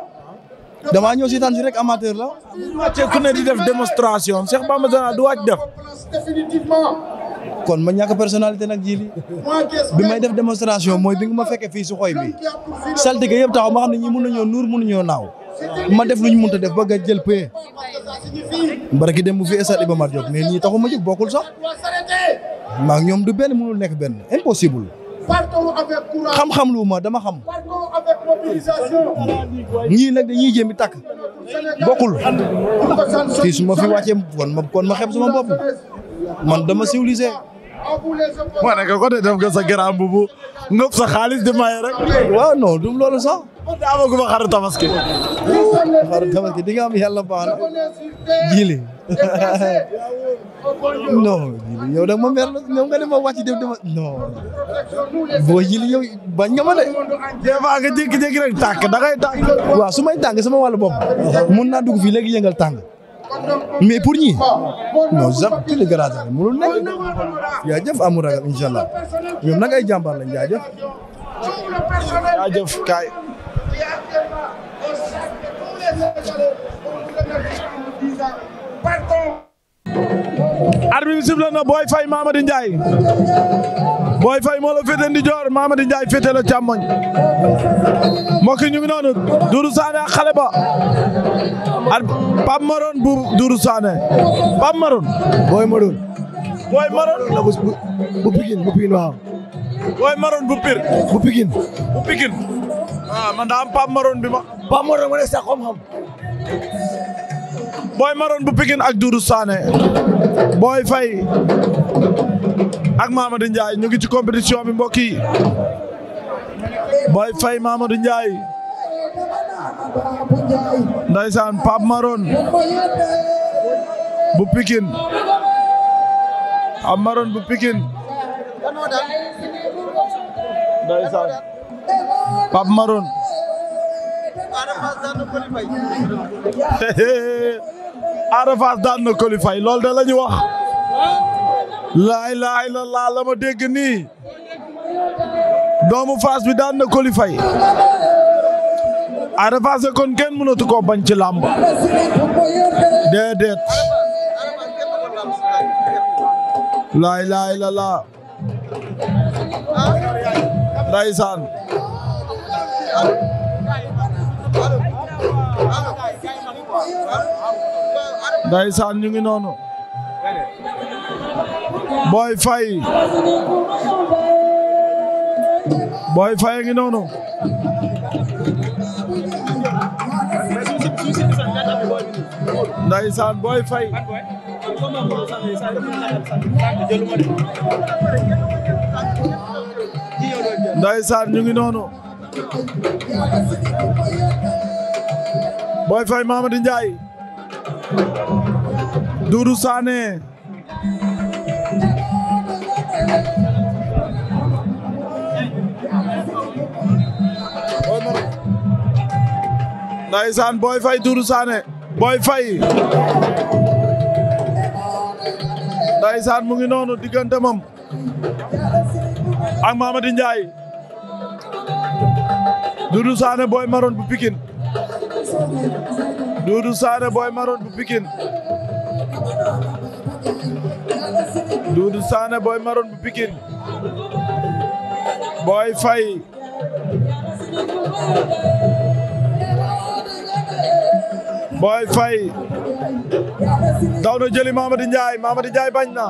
damaa ñëw seetaan si rek amateur la. wàccee ku ne di def démonstration Cheikh Bamba Zana du wàcc def. kon ma ñàkk personnalité nag ji li bi may def démonstration mooy bi ma fekkee fii si xoy bi saltige yëpp taxaw ma xam ne ñi mën nañoo nuur mën nañoo naaw ma def lu ñu mënta def ba nga jël barki dem bu fi esat Iba Mar Diop mais ñii taxu ma jóg bokkul sax maa ñoom du benn mënul nekk benn impossible xam-xam lu ma dama xam ñii nag dañuy jéem i tàkk bokkul fii su ma fi wàccee kon ma kon ma sama bopp man dama civilisé ma nga ko def nga sa garaam bubu ngëp sa xaalis di maye rek waaw non du loolu sax te amaguma xaru tabaski. xaru tabaski di nga am yàlla baax na. jili. non jili yow da ma mer ñoom nga ne ma wàcc dem dama non. boo jili yow bañ nga ma de. des fois nga jékki-jékki rek tànk da ngay tànk. waaw su may tànk sama wàllu bopp. mun naa dugg fii léegi yëngal tànk. mais pour ñi non jàpp ci li garage la mënul nekk jaajëf amul ragal ñoom nag ay jàmbaar la jaajëf. jaajëf Il y a actuellement un sac de tous les Sénégalais pour nous remercier en nous disant pardon. arbitre bi sifflé na Boy Faye Mamady Ndiaye Boy Faye moo la féete ndijoor Mamady Ndiaye féete la càmmoñ mbokk ñu ngi noonu Doudou xale ba ar Pape bu Doudou bu Pikine bu Pikine waaw Boy bu Pire bu Pikine bu Pikine waaw ah, man daa am Pape Maroon bi ma. Pape Maroon ma ne sax xam-xam. Boy Maroon bu Pikine ak ñu ngi ci compétition bi mbokk bu Pikine Pape Maroon bu Pikine ndaysaan Pape Maroon Ada daan na Coly Faye loolu de la ñu wax laa ilaaha illallaah la ma nii doomu Fass bi daan na Coly Faye Ada Fass de kon kenn mënatu koo bañ ci làmb déedéet laa ilaaha illallaah ndeysaan Ndeysaan ñu ngi noonu Boy Faye Boy Faye ngi noonu Ndeysaan Boy Faye Ndeysaan ñu ngi noonu Boy Faye Mamadou Ndiaye Doudou Sané Ndeysaan Boy fay Doudou Sané Boy Faye Ndeysaan mu ngi noonu diggante moom ak Mamadou Ndiaye Doudou Sané Boy Maroon bu Pikine Doudou Sané Boy Maroon bu Pikine Boy Maroon bu Pikine Boy Faye Boy Faye jëli Mamadi Ndiaye Mamadi Ndiaye bañ na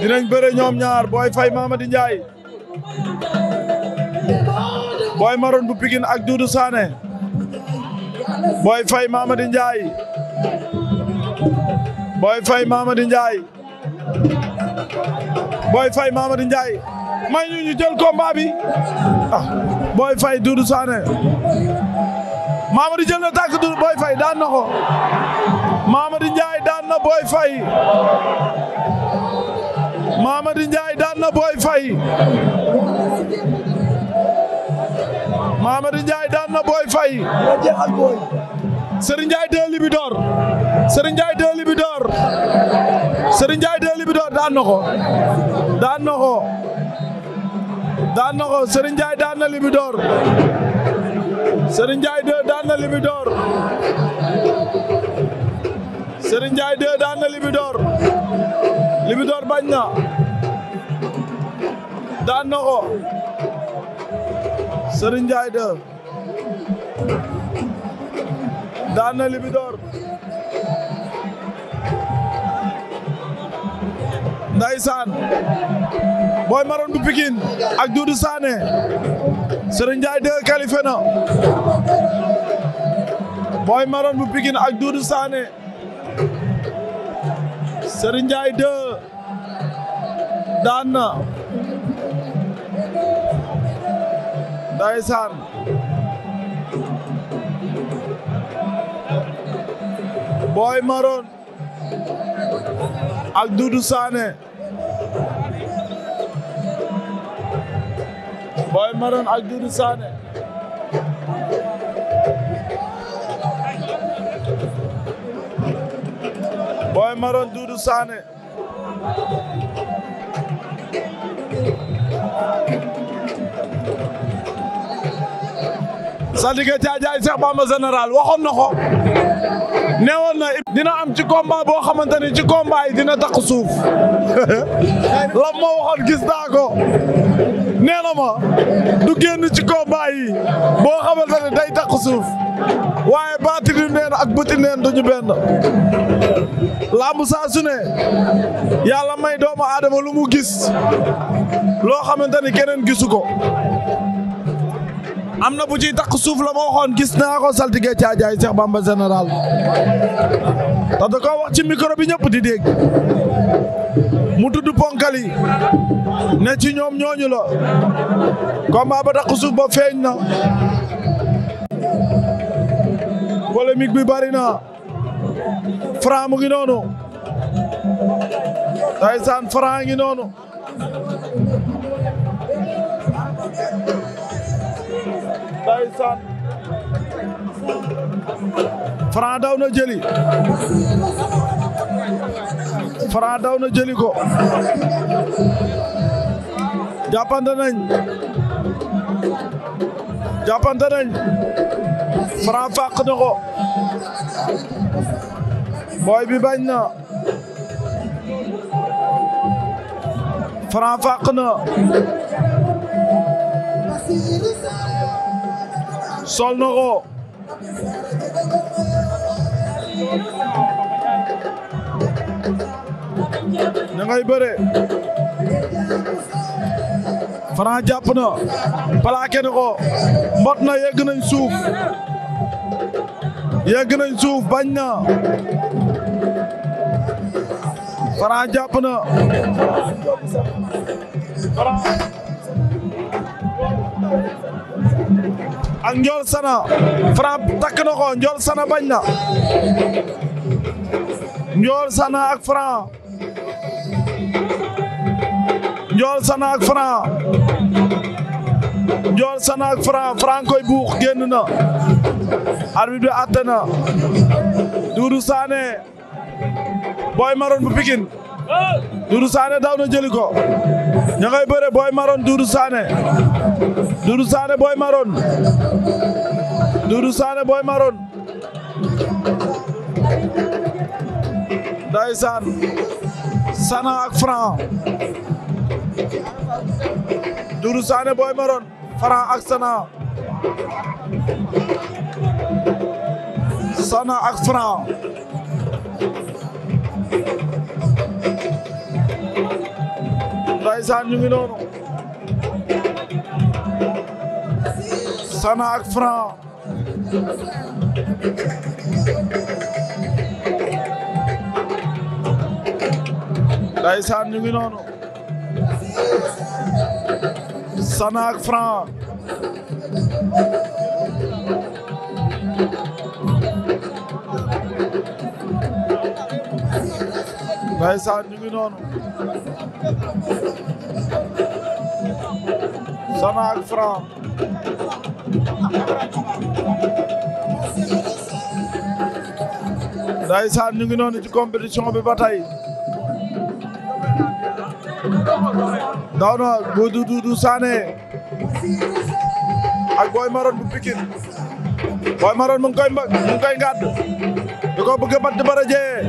dinañ bëre ñoom ñaar Boy Faye Mamadi Ndiaye Boy Maroon bu Pikine ak Doudou Sané Boy Faye Mamadi Ndiaye Boy Faye may ñu ñu jël combat bi ah Boy Faye Doudou Sané Mamadi jël na tàkk daan na ko Mamadi daan na Boy Faye Mamadi daan na Boy Faye Mamadou Ndiaye daan na Boy Faye Libidor Serigne Ndiaye Libidor Serigne Ndiaye Libidor daan na ko daan Libidor Serigne Ndiaye deux Libidor Libidor Libidor bañ Serigne Ndiaye 2 daan na Libidor Ndaysaan Boy Maroon bu Pikine ak Doudou Sané Serigne Ndiaye 2 qualifié na Boy Maroon bu Pikine ak Doudou Sané Serigne Ndiaye 2 daan ndeysaan Boy Maroon ak Doudou Sané Maroon ak Doudou sa diggante ak Ndiaye Cheikh Bamba général waxoon na ko neewoon dina am ci combat boo xamante ni ci combat yi dina takk suuf lam gis naa ko du génn ci combat yi boo xamante ni day takk suuf waaye baatini neen ak bëti neen duñu benn làmb saa su ne yàlla may doomu aadama lu mu gis loo xamante ni keneen gisu ko am na bu ci takk suuf la ma gis naa ko saltige caajaay Cheikh Bamba général tax koo wax ci micro bi ñëpp di dégg mu tudd ponkali ne ci ñoom ñooñu la combat ba takk suuf ba feeñ na polémique bi bari na Franc mu ngi noonu ndeysaan Franc ngi noonu ndeysaan Franc daw na jëli Franc daw na jëli ko jàppante nañ jàppante nañ na ko booy bi bañ na Franc fàq na sol na ko ña ngay bëre Franc jàpp na plaqué na ko mbot na yegg nañ suuf yegg nañ suuf bañ na Franc jàpp na Franc ak Ndiol Sana Franc takk na ko Sana bañ na Ndiol Sana ak Franc Ndiol Sana ak Franc Ndiol Sana ak Franc Franc koy buux génn na arbitre bi àtte na Doudou Sané Boy Maroon bu Pikine Doudou Sané daw na jëli ko ña ngay bëre Boy Maroon Doudou Sané Doudou Sané Boy Maroon Doudou Sané Boy Maroon ndeysaan Sana ak ak Sana ndeysaan ñu ngi noonu Sana ak noonu Zana ak Franc ndaysaan ñu ngi noonu ci compétition bi ba tey daw na bu du ak Boy Maroon bu Pikine Boy Maroon mu ngi koy mu ngi koy ngàdd di ko bëgg a batt bara jee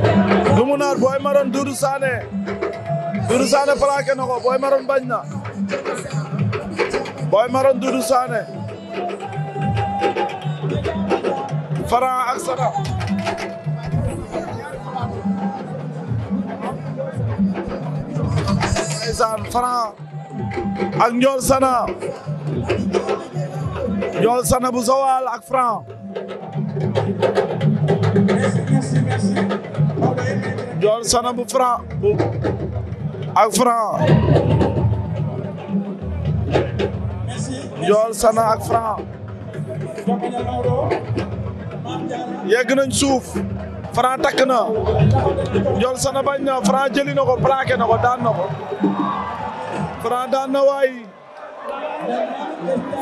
lu mu naan Boy Maroon Doudou Sané Doudou Sané plaqué na ko bañ na Boy Maron Doudou Sané Franc ak Sokh ndeysaan Franc ak Ndiol Sana Ndiol Sana bu Joal ak Franc Ndiol Sana bu Franc ak Franc Ndiol Sana ak Franc yegg nañ suuf Franc takk na Ndiol Sana bañ na Franc jëli na ko plaqué daan na ko daan na waay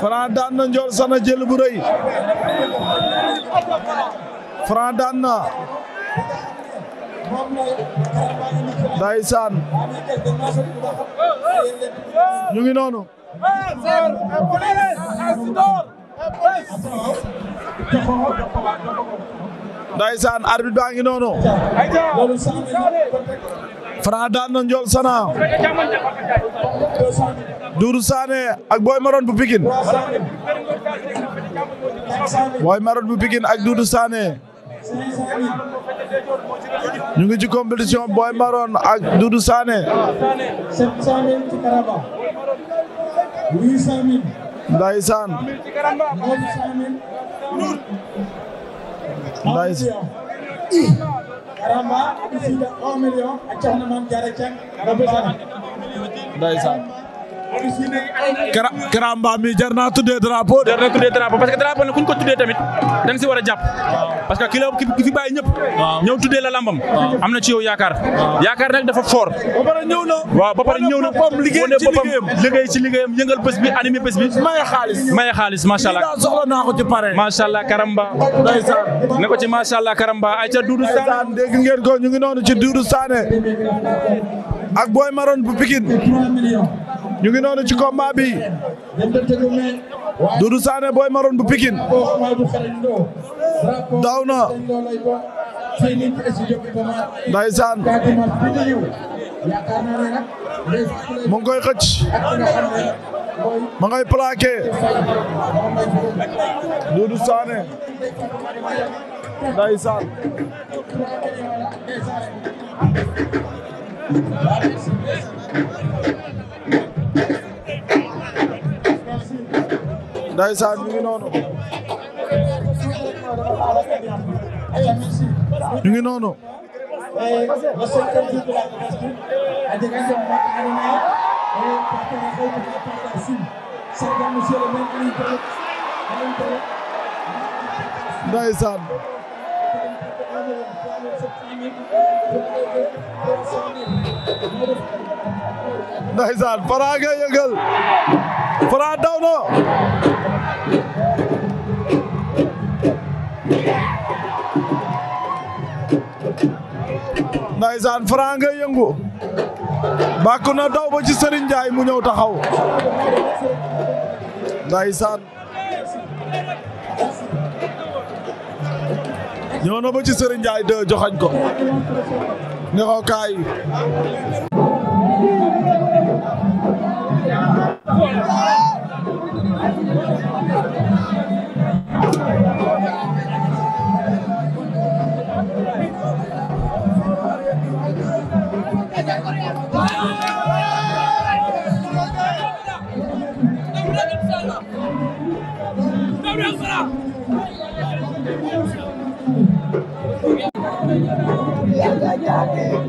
Franc daan na Ndiol Sana jël bu rëy daan na ndeysaan ñu ngi noonu Ndeysaan arbitre baa ngi noonu. Franc daan na Ndiol Sana. ak Boy Maroon bu Pikine. Boy Maroon bu Pikine ak Doudou Sané. ñu ngi ci compétition Boy Maroon ak Doudou Sané. 800 000. Ndeysaan. Ndeysaan. Karamba isida Kara Karamba mi jar naa tuddee drapeau. jar naa parce que drapeau nag ku ko tuddee tamit dañ si war a jàpp. parce que ki la ki fi bàyyi ñëpp. la lambam. am na ci yow yaakaar. yaakaar nag dafa fort. ba pare ñëw na. waaw ba pare ñëw na wane liggéey ci liggéeyam yëngal bés bi animé bés maye xaalis maye allah. ko ci pare. macha allah Karamba. ndeysaan ne ko ci macha allah Karamba ay ca Doudou Sané. dégg ngeen ko ñu ngi noonu ci Doudou Sané ak Boy Maroon bu Pikine ñu ngi noonu ci combat bi Doudou Sané Boy Maroon bu Pikine daw na ndaysaan mu ngi koy xëcc ma ngay plaqué Doudou Sané ndaysaan Ndeysaan ñu noonu. ñu ngi noonu. Ndeysaan. Ndeysaan ndeysaan Franc ngay yëngu bàkk daw ba ci Serigne Ndiaye mu ñëw taxaw ndeysaan ñëw na ba ci Serigne Ndiaye de joxañ ko ne ko kaay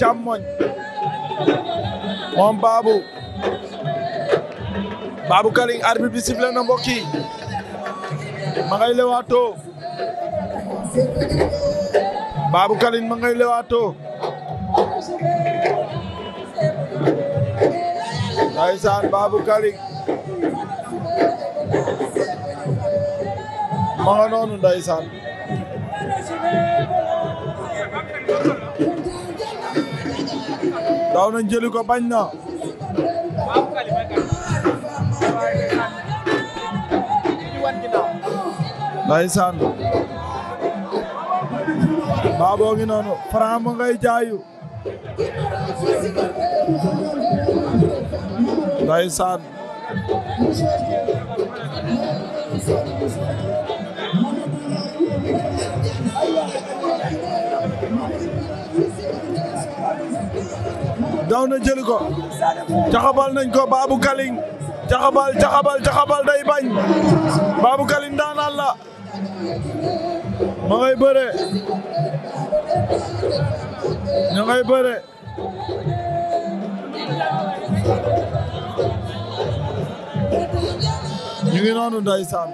càmmoñ moom Babou Babou Kaling arbitre bi na mbokk yi ma ngay lewaatoo Kaling ma ngay lewaatoo ndaysaan Babou Kaling ma nga daw na jëli ko bañ na ndeysaan baaboo ngi noonu Franc ngay jaayu ndeysaan daw na jëli ko jaxabal nañ ko Babou Kaling jaxabal jaxabal day bañ Babou Kaling daanaan la ma ngay bëre ña ngay bëre ñu ngi noonu ndeysaan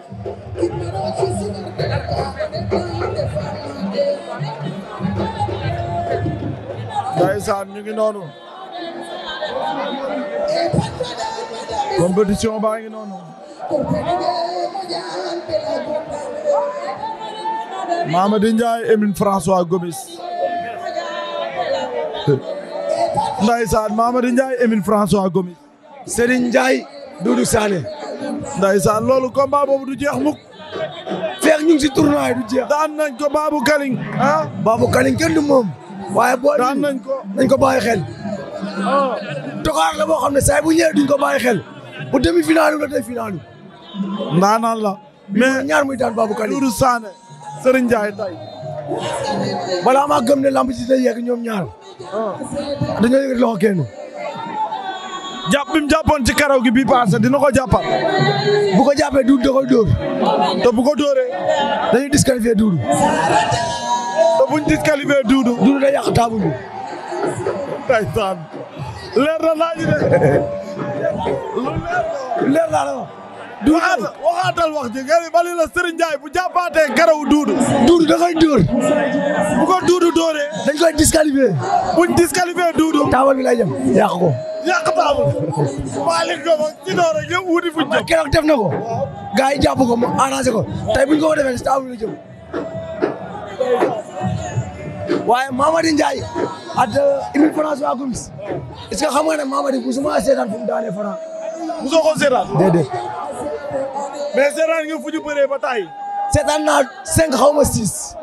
ndeysaan ñu ngi noonu compétition baa ngi noonu Mamady Ndiaye Emine François Gomis ndaysaan Mamady Ndiaye Emine François Gomis Serigne Ndiaye Doudou Sané ndaysaan loolu combat boobu du jeex mukk feex ñu ngi si tournoi du jeex daan nañ ko Babou Kaling ah Babou Kaling kenn du moom waaye boo daan nañ ko nañ xel doxaar la boo xam ne saa bu ñëwee duñ ko bàyyi xel bu demi finaalu la tey finaalu ndaanaan la mais ñaar muy daan Babou Kalim Doudou Sané Serigne Ndiaye tay balaa gëm ne lamb ci day yegg ñoom ñaar ah. dañoo yëg loxo kenn jàpp bi mu jàppoon ci karaw gi bii dina ko jàppal bu ko jàppee Doudou da koy dóor te bu ko dóoree dañuy disqualifier Doudou te yàq taabu bi leer na laaj de leer na la waxaatal waxaatal wax ji nga ne bali la bu jàppaatee garaw duudu duudu da koy dóor bu ko duudu dóoree dañ koy disqualifié buñ disqualifié duudu taabal bi lay jëm yàq ko yàq taabal Malick Ngom ak ci door ak yëpp wuti fuñ na ko gars yi jàpp ko mu arrangé ko tey buñ ko ko defee taabal bi waaye Mamady Ndiaye at euh, Ibn France waa Gomis est ce que xam ne Mamady musuma seetaan fu mu daane Franc. musoo ko seetaan. déedéet. mais seetaan nga fu ñu ba taay. seetaan naa cinq xaw ma six.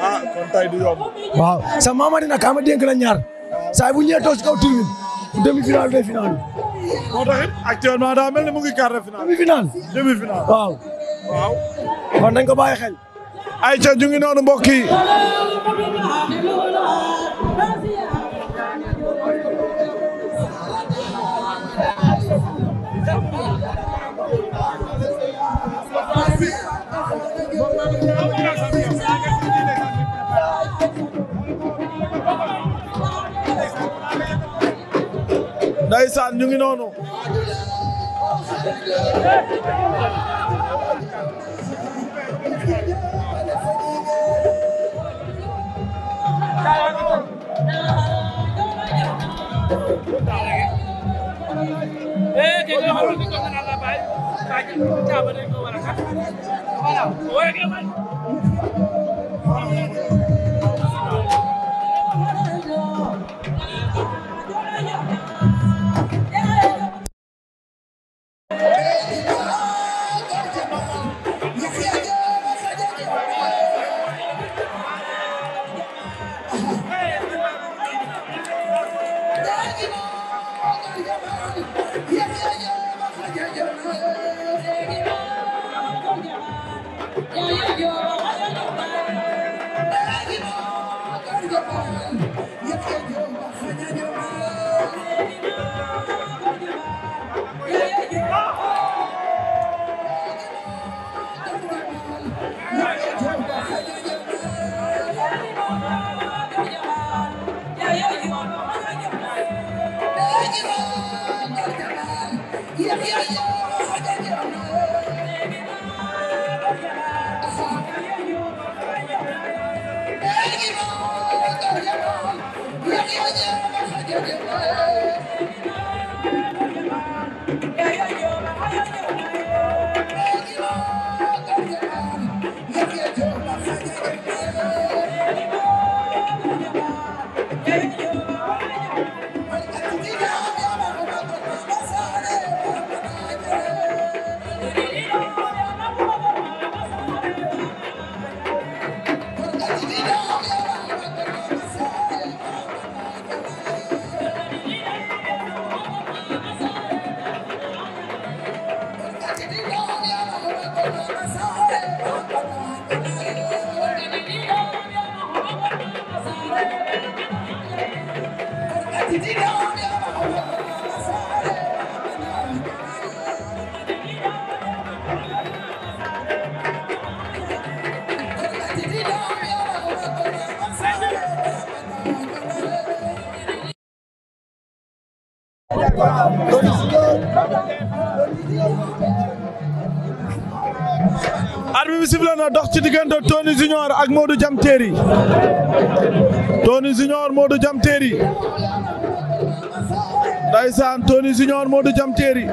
ah kon tay du yomb. waaw sa Mamady nag ama dénk la ñaar saa bu ñëwee toog si kaw tribune demi finale demi finale. moo mel ni mu ngi quart de waaw. waaw kon nañ ko bàyyi xel. ay ca ñu ngi noonu mbokk yi Ndeysaan ñu ngi noonu Voilà. Ouais, dina ci diggante Tony Junior ak Modou Jam Téeri Tony Junior Modou Jam Téeri ndaysaan Tony Junior Modou Jam Téeri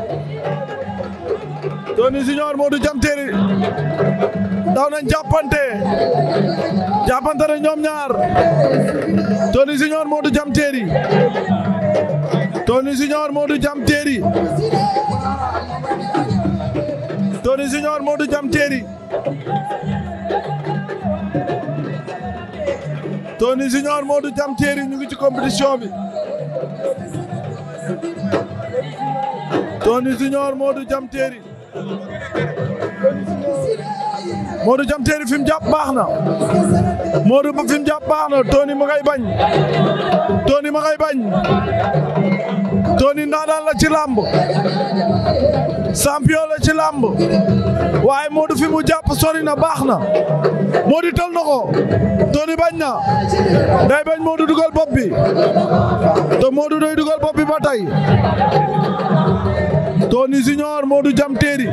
Tony Junior Modou Jam Téeri daw ñoom ñaar Tony Junior Modou Jam Téeri Tony Junior Modou Jam Tony Junior Modou Jam Téeri Tony Junior Modou Jam Téeri ñu ngi ci compétition bi Tony Junior Modou Jam Téeri Modou fi mu jàpp baax na Modou fi mu jàpp baax na Tony ma bañ Tony ma bañ Tony ndaanaan la ci làmb champion ci làmb waaye Modou fi mu jàpp sori na baax na Modou tël na ko Tony bañ na day bañ Modou dugal bopp bi te Modou day dugal bopp bi ba tey Tony Junior Modou jam teeri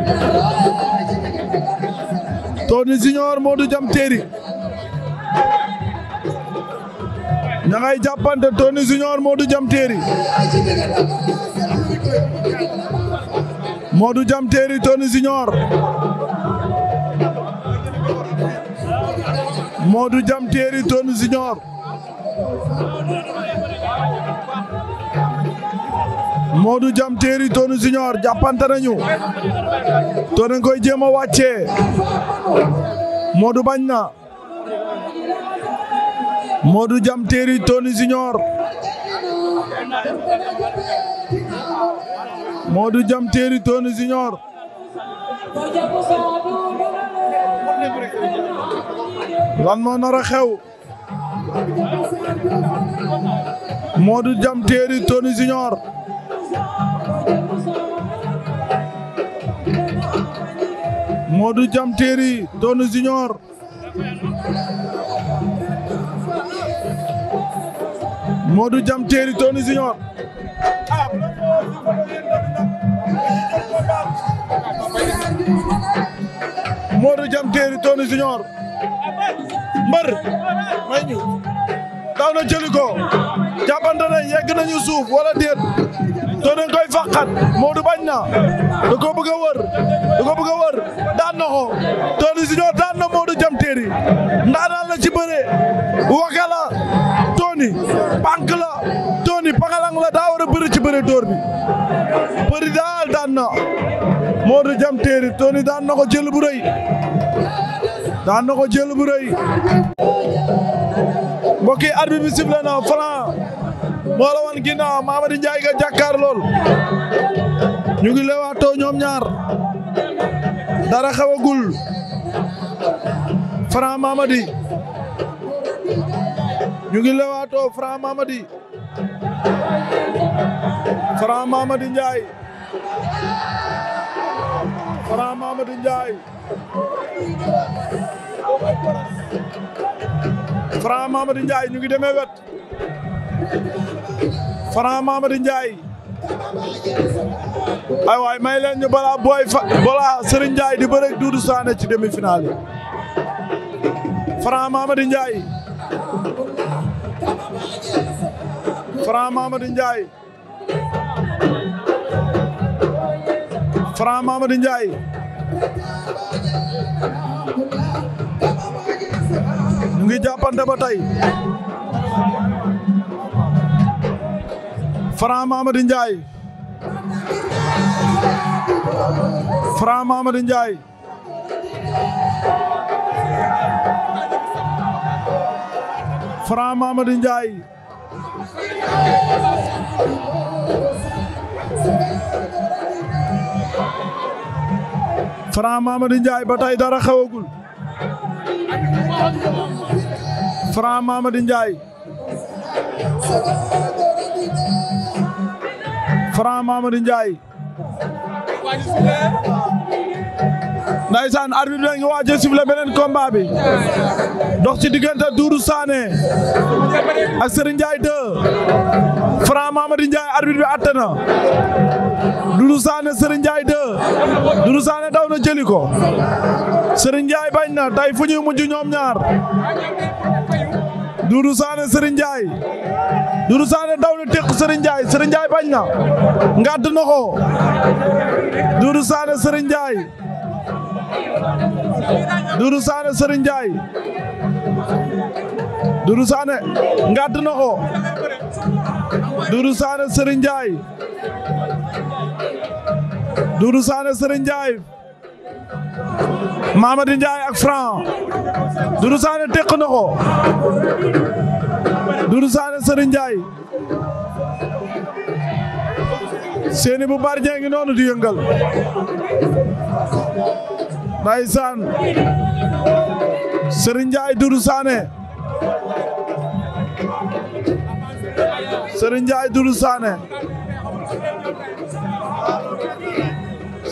Tony Junior Modou jam teeri ña ngay jàppante Tony Junior Modou jam teeri Modou Jam Téeri Tony Junior Modou Jam Téeri Tony Junior Modou Jam Téeri Tony Junior jàppante koy jéem a wàccee Modou bañ na Modou Jam Téeri moo nar a xew Modou Jam Téeri Tony Junior Modou Jam Téeri du Jam Téeri Tony Junior Modou Jam Téeri Tony Junior mbër may ñu daw na jëli na yegg nañu suuf wala déet te dañ koy faqat Modou bañ na da ko a wër da ko a wër daan na ko Tony Junior daan na Modou Jam Téeri ndaanaan la ci bëre waka la la Tony pangalang la daa war a bëri ci bëre dóor bi bëri daan na Modou Jam Téeri Tony daan na ko daan na ko jël bu rëy mbokk yi arbitre bi sifflé na Franc moo la wan ginnaaw Mamady Ndiaye lool ñu ngi leewaatoo ñoom ñaar dara xewagul Franc Mamady ñu ngi leewaatoo Franc Mamady Franc Mamady Ndiaye Franc Mamady Ndiaye ñu ngi demee wet Franc Mamady Ndiaye ay waay may leen ñu balaa booy balaa Serigne Ndiaye di bëre Doudou Sané ci demi-finale yi Franc Mamady Ndiaye Franc Mamady Ndiaye Franc ngi jàppante ba Franc Mamady Ndiaye Franc Mamady Ndiaye Franc Mamady Ndiaye Franc Mamady Ndiaye ba tey dara xewagul Franc Mamady Ndiaye Franc Mamadou Ndiaye ndaysaan ngi waaj a siffler beneen combat bi dox ci diggante Doudou Sané ak Serigne Ndiaye 2 Franc Mamadou Ndiaye arbitre bi atte na Doudou Sané Serigne Ndiaye 2 daw na jëli ko Serigne bañ na tey fu ñuy ñoom ñaar Doudou Sané Serigne Ndiaye Doudou Sané daw na teq Serigne Ndiaye Serigne Ndiaye bañ na ngàdd na ko Doudou Sané Serigne Ndiaye Doudou Sané Serigne Ndiaye Doudou Sané ngàdd na ko Doudou Sané Mamady Ndiaye ak Franc Doudou Sané teq na ko Doudou Sané seeni bu bari ñee ngi noonu di yëngal ndeysaan Serigne Ndiaye Doudou Sané Serigne Ndiaye Doudou Sané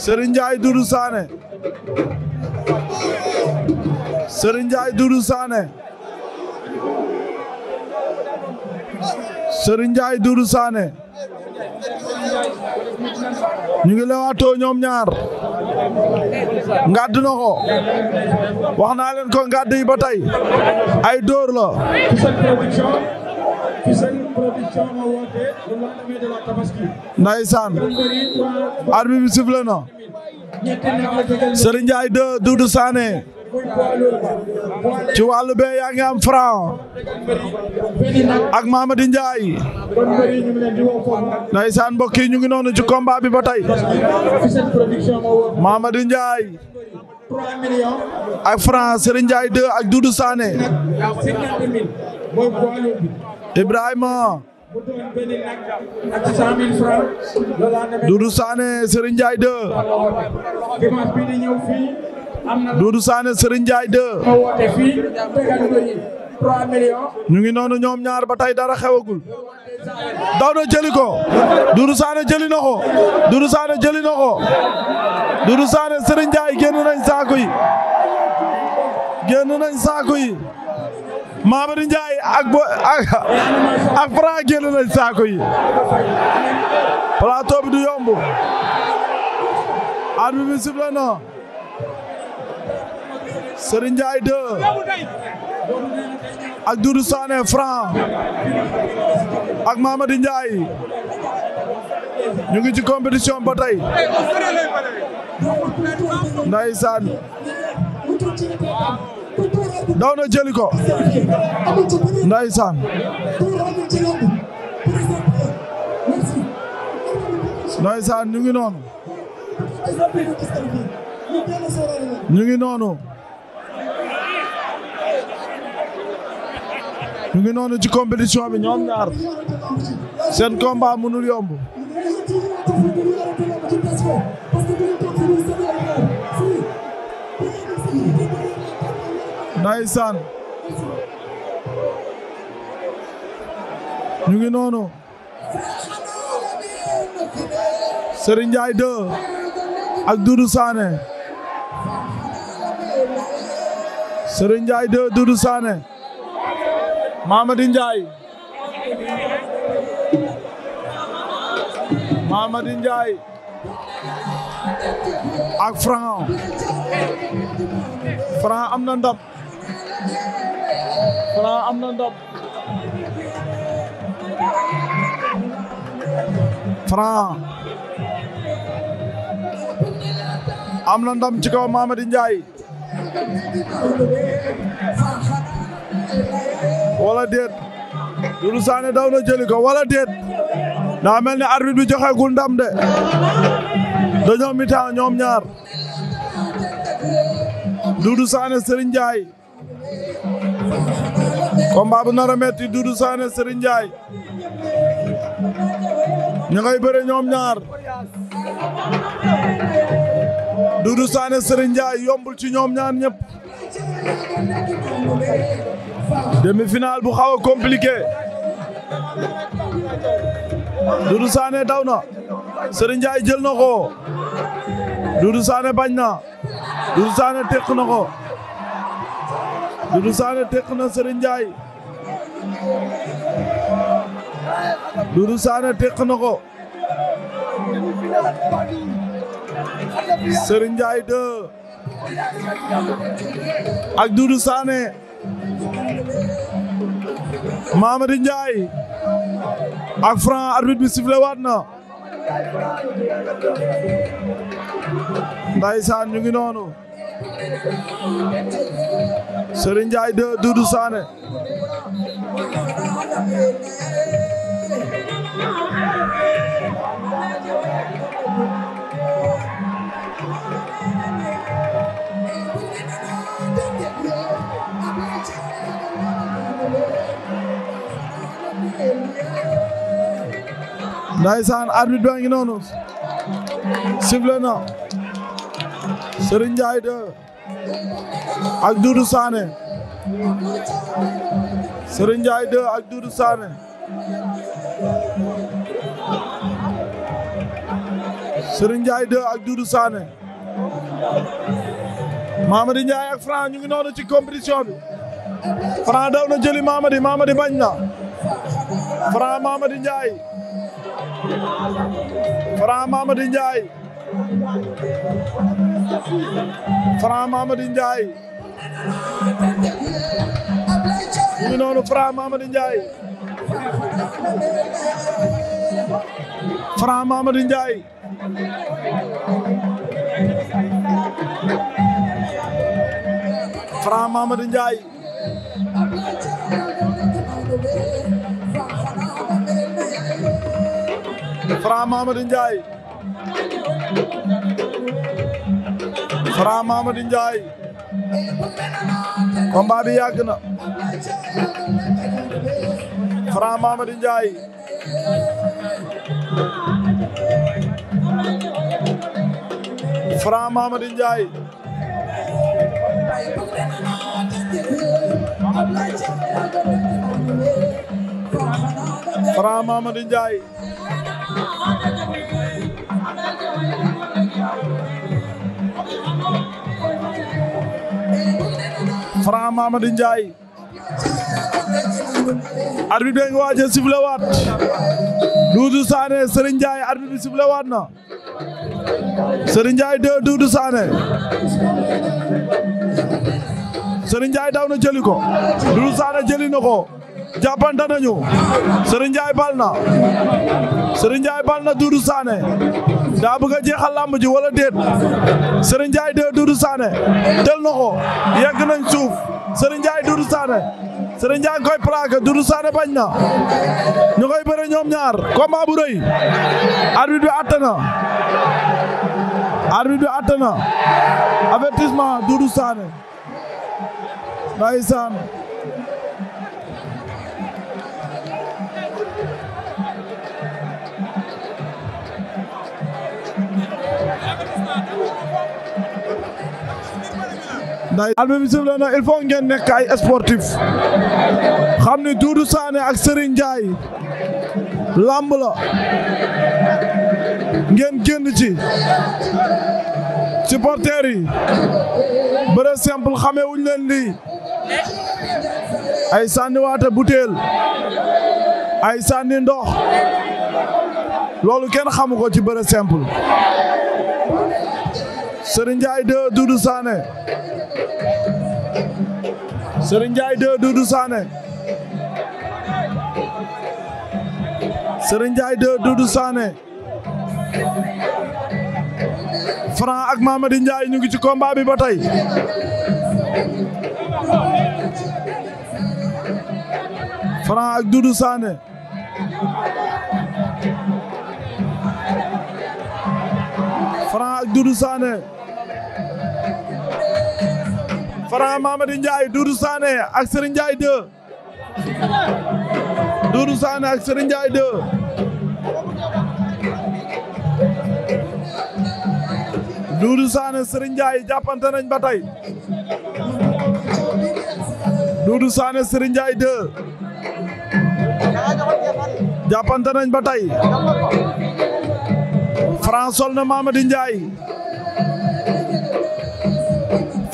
Serigne Ndiaye Doudou Sané Serigne Ndiaye Doudou Sané Serigne Ndiaye Doudou Sané ñu ngi lewaatoo ñoom ñaar ngàdd na ko wax naa leen ko ngàdd yi ba tey ay dóor la Sëriñ Production ma woote le lendemain de la bi sifflé na. Serigne Ndiaye ci wàllu bee ngi am Franc. ak Mamadi Ndiaye. Ndeysaan yi ñu ngi noonu ci combat bi ba tey. Mamadi Ndiaye. ak Franc Serigne Ndiaye ak Doudou Ibrahima Doudou Sané Serigne Ndiaye 2 Doudou Sané Serigne Ndiaye 2 ñu ngi noonu ñoom ñaar ba tay dara xewagul daw na jëli ko Doudou Sané jëli na ko Doudou jëli na ko Doudou Sané Serigne Ndiaye génn nañ saako yi génn nañ saako yi Mamadou Ndiaye ak bo ak Franc génn nañ saako yi plateau bi du yomb arbitre bi sifflé na Serigne Ndiaye 2 ak Doudou Sané Franc ak Mamadou Ndiaye ñu ngi ci compétition ba tey daw na jëli ko ndeysaan ndeysaan ñu ngi noonu ñu ngi noonu ñu ngi noonu ci compétition bi ñoom ñaar seen combat mënul yomb Ndeysaan ñu ngi noonu Serigne Ndiaye 2 ak Doudou Sané Serigne Ndiaye 2 Doudou Sané Mamadi Ndiaye Mamadi ak Franc Franc am na ndam Franc am na ndam Franc am na ndam ci kaw Mamady Ndiaye wala déet Doudou Sané daw na jëli ko wala déet daa mel ne arbitre bi joxe gu ndam de dañoo mi temps ñoom ñaar Doudou Sané Serigne Ndiaye combat bu nar a metti Doudou Sané Serigne Ndiaye ñu bëre ñoom ñaar Doudou Sané Serigne yombul ci ñoom ñaar ñëpp demi bu xaw a compliqué Doudou Sané daw na Serigne jël na ko Doudou Sané bañ na Doudou Sané tekk na Doudou Sané tekk na Serigne Ndiaye Doudou Sané tekk na ko Serigne Ndiaye 2 ak Doudou Sané Mamadou Ndiaye ak Franc arbitre bi sifflé waat na ndaysaan ñu ngi noonu Serigne Ndiaye 2 Doudou Sané Ndaysaan arbitre baa ngi noonu sifflé na Serigne ak Doudou Sané Serigne Ndiaye 2 ak Doudou Sané Serigne Ndiaye 2 ak Doudou ñu ngi noonu ci compétition bi Franc daw na jëli Mamadi Mamadi bañ na Franc Mamadi Ndiaye Franc Mamadi Ndiaye Franc Mamady Ndiaye ñu noonu Franc Mamady Ndiaye Franc Mamady Ndiaye Franc Franc Mamadou Ndiaye combat bi yàgg na Franc Mamadou Ndiaye Franc Franc Mamady Ndiaye arbitre bi nga waaje sifflé waat Doudou Sané Serigne Ndiaye bi sifflé na Serigne Ndiaye de Doudou Sané daw na jëli ko Doudou Sané jëli ko jàppante nañu Serigne Ndiaye bal na Serigne Ndiaye bal na Doudou ji wala déet Serigne Ndiaye de Doudou tel na ko yegg nañ suuf Serigne Ndiaye Doudou Sané Serigne Ndiaye koy plaqué Doudou Sané bañ na ñu ñoom ñaar combat bu rëy arbitre bi na arbitre bi atte na avertissement Doudou Sané ndeysaan album bi sifle na il faut ngeen nekk ay sportif xam ni Doudou Sané ak Serigne Ndiaye lamb la ngeen génn ci supporters yi bëre simple xamee wuñ leen lii ay sànniwaate butéel ay sànni ndox loolu kenn xamu ko ci bëre simple Serigne Ndiaye 2 Doudou Sané Serigne Ndiaye 2 Doudou Sané Serigne ak Mamady Ndiaye ñu ngi ci combat bi ba tey Franc ak Doudou Sané Franc Mamady Ndiaye Doudou Sané ak Serigne Ndiaye 2. Doudou Sané ak Serigne Ndiaye 2. Doudou Sané Serigne Ndiaye jàppante nañ ba tey. Doudou Sané jàppante nañ ba tey. Franc sol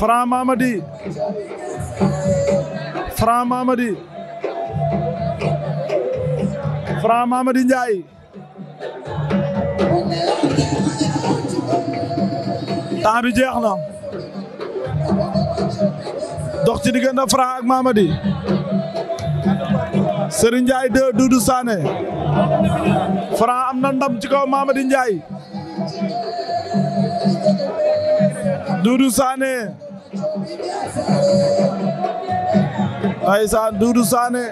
Franc Mamady Franc Mamady Franc Mamady Ndiaye temps bi jeex na dox ci diggante Franc ak Mamady Serigne Ndiaye 2 Doudou Sané Franc na ndam ci kaw Mamady Ndiaye Doudou Sané Ndeysaan Doudou Sané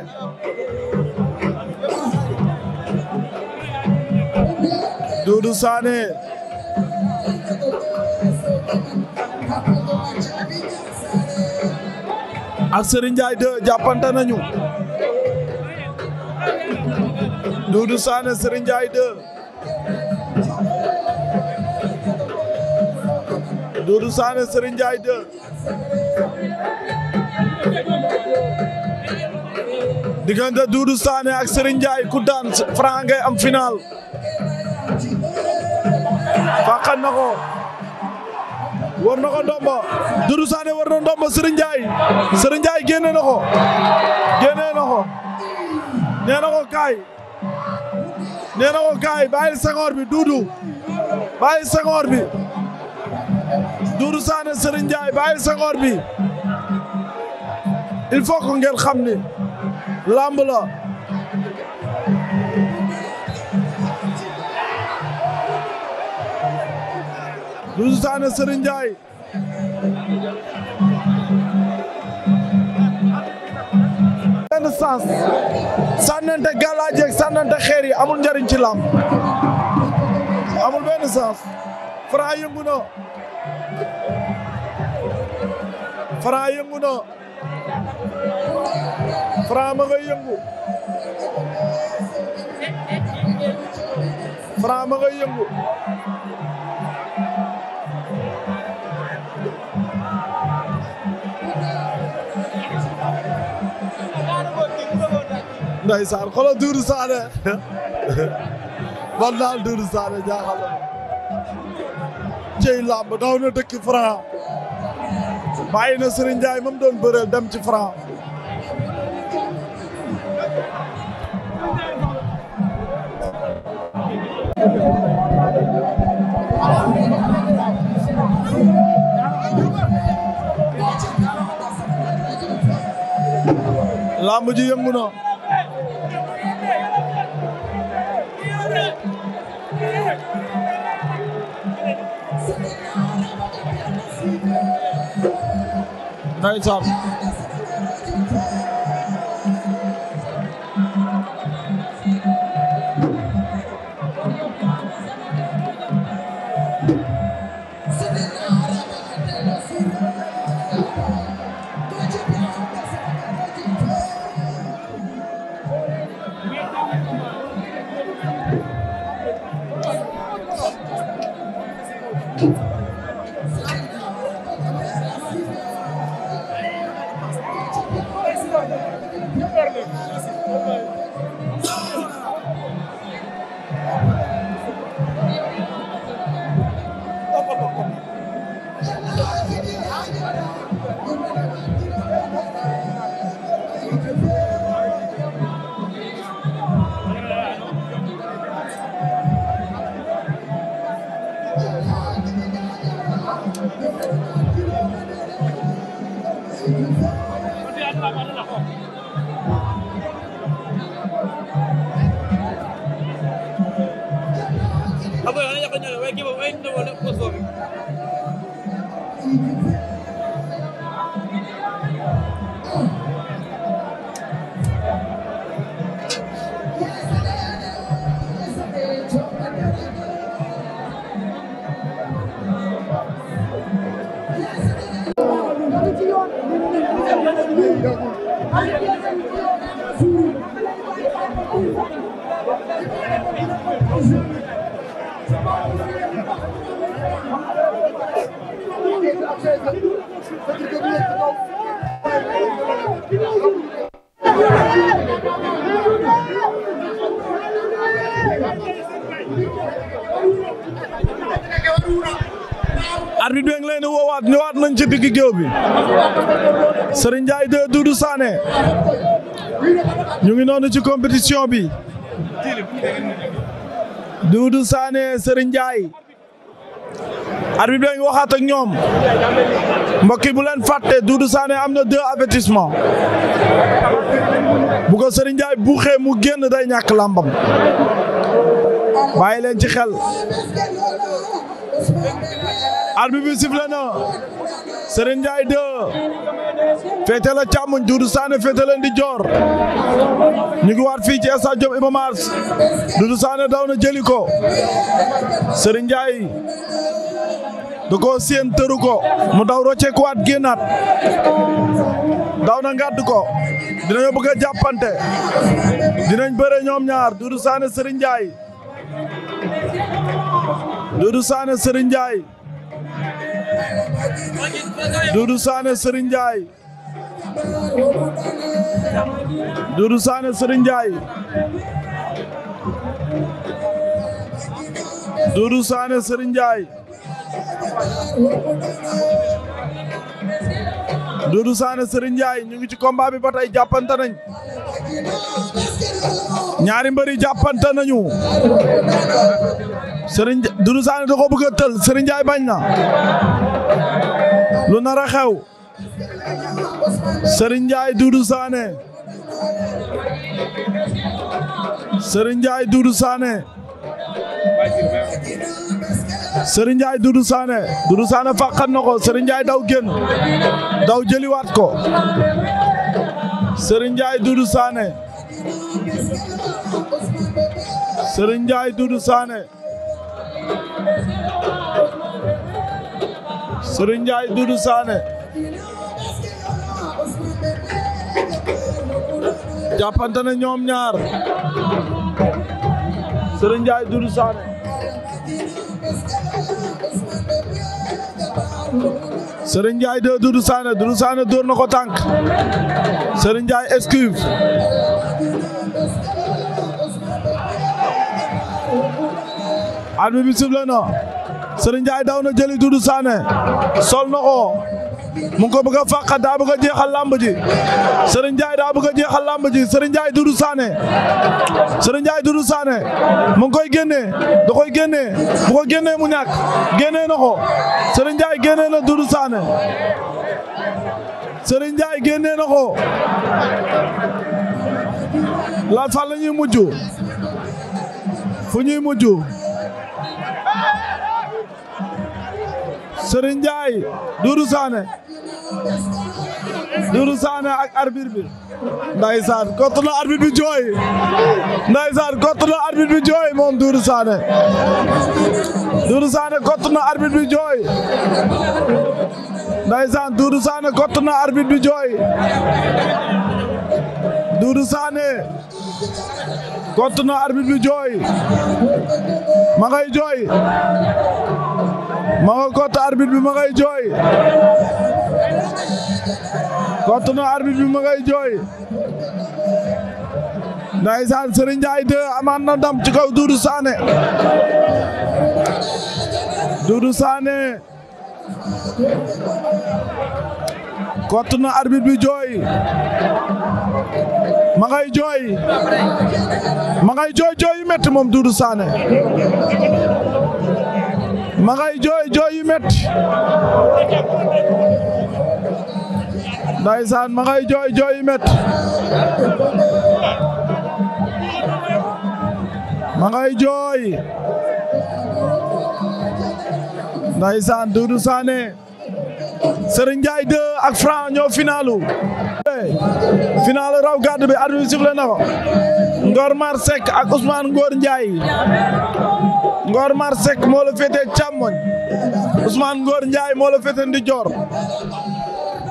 Doudou Sané ak Serigne Ndiaye 2 jàppante nañu Doudou Sané Serigne Ndiaye 2 Doudou diggante Doudou Sané ak Serigne ku daan Franc ngay am final fàqan na ko war na ko ndomba Doudou Sané war na ndomba Serigne Ndiaye Serigne Ndiaye ko génne na ko kaay nee ko kaay bàyyi sengoor bi Doudou bàyyi sengoor bi Doudou Sané Serigne Ndiaye bàyyi sangoor bi il faut que ngeen xam ni làmb la Doudou Sané Serigne Ndiaye benn sens sànnante galaaj ak sànnante xeer yi amul njariñ ci làmb amul benn sens Franc yëngu Franc yëngu na Franc ma ngay yëngu Franc ma ngay yëngu ndeysaan xoolal Doudou Sané daal Doudou Sané jaaxal na cey làmb daw na dëkki Franc bàyyi na Serigne Ndiaye moom doon bëreel dem ci Franc làmb ji yëngu na ndeysaan Serigne Ndiaye 2 Doudou ñu ngi noonu ci compétition bi Doudou Sané Serigne Ndiaye arbitre bi ngi waxaat ñoom mbokk yi bu leen fàtte Doudou Sané am na deux avertissement bu ko Serigne Ndiaye mu génn day ñàkk làmbam bàyyi leen ci xel arbitre bi sifle na féete la càmmuñ Doudou Sané féete la ndijoor ñu ngi waat fii ci stade Diop Iba Mar Doudou Sané daw na jëli ko Serigne Ndiaye da koo séen tëru mu daw rocce ku waat génnaat daw na ngàdd ko dinañu bëgg a jàppante dinañ bëre ñoom ñaar Doudou Sané Serigne Ndiaye Doudou Sané Serigne Ndiaye Doudou Sané Doudou Sané Serigne Ndiaye Doudou Sané Serigne Ndiaye Doudou Sané Serigne Ndiaye ñu ngi ci combat bi ba ñaari mbëri jàppante nañu Serigne Doudou Sané da ko bëgg bañ na lu nar a xew Serigne Ndiaye Doudou Sané Serigne Ndiaye Doudou Sané Serigne Ndiaye Doudou Sané Doudou daw génn daw ko Serigne Ndiaye Doudou Sané Serigne Ndiaye jàppante na ñoom ñaar Serigne Ndiaye Doudou Sané Serigne Ndiaye de Doudou Sané Doudou Sané dóor na ko tànk Serigne Ndiaye esquive arbitre bi sifflé na Serigne Ndiaye daw na jëli Doudou Sané mu ko bëgg a fàqat daa bëgg a jeexal lamb ji Serigne Ndiaye daa bëgg ji Serigne Ndiaye Doudou Sané Serigne Ndiaye Doudou Sané mu ngi koy génnee koy génnee bu ko génnee mu ñàkk génnee na ko Serigne Ndiaye génnee na Doudou Sané génnee na ko lan fan la ñuy mujj fu ñuy Doudou Sané ak arbitre bi ndeysaan kott na arbitre bi jooy ndeysaan kott na arbitre bi jooy moom Doudou Sané Doudou Sané kott na arbitre bi jooy ndeysaan Doudou Sané kott na arbitre na arbitre jooy ma jooy ma kott arbitre bi ma ngay jooy kott na arbitre bi ma ngay jooy ndaysaan Serigne Ndiaye 2 amaan na ndam ci kaw Doudou Sané Doudou Sané kott na arbitre bi jooy ma ngay jooy ma ngay jooy jooy yu metti moom Doudou Sané ma ngay jooy jooy yu metti ndaysaan ma ngay jooy jooy yu metti ma ngay jooy ndaysaan Doudou Sané Serigne Ndiaye 2 ak Franc ñoo finalu eh, final raw gàddu bi arbitre bi sifflé na ko Ngor Mar Seck ak Ousmane Ngor Ndiaye ngoor Mar Seck moo la féetee càmmoñ Ousmane Ngor Ndiaye moo la féetee ndijoor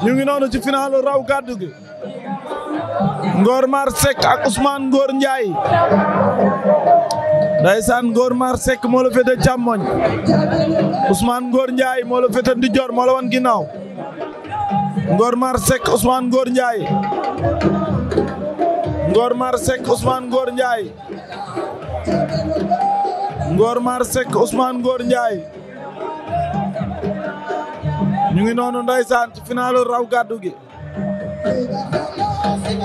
ñu ngi noonu ci finalu raw gàddu gi ngoor Mar sekk ak Ousmane Ngor Ndiaye ndaysaan ngoor Mar sekk moola la féetee càmmoñ Ousmane Ngor Ndiaye moo la ndijoor moo wan ginnaaw Ngor Mar Seck Ousmane Ngor Ndiaye Ngor Mar Seck Ousmane Ngor Ndiaye ngoor Mar Seck Ousmane Ngor Ndiaye ñu ngi noonu ndeysaan ci finalu raw gàddu gi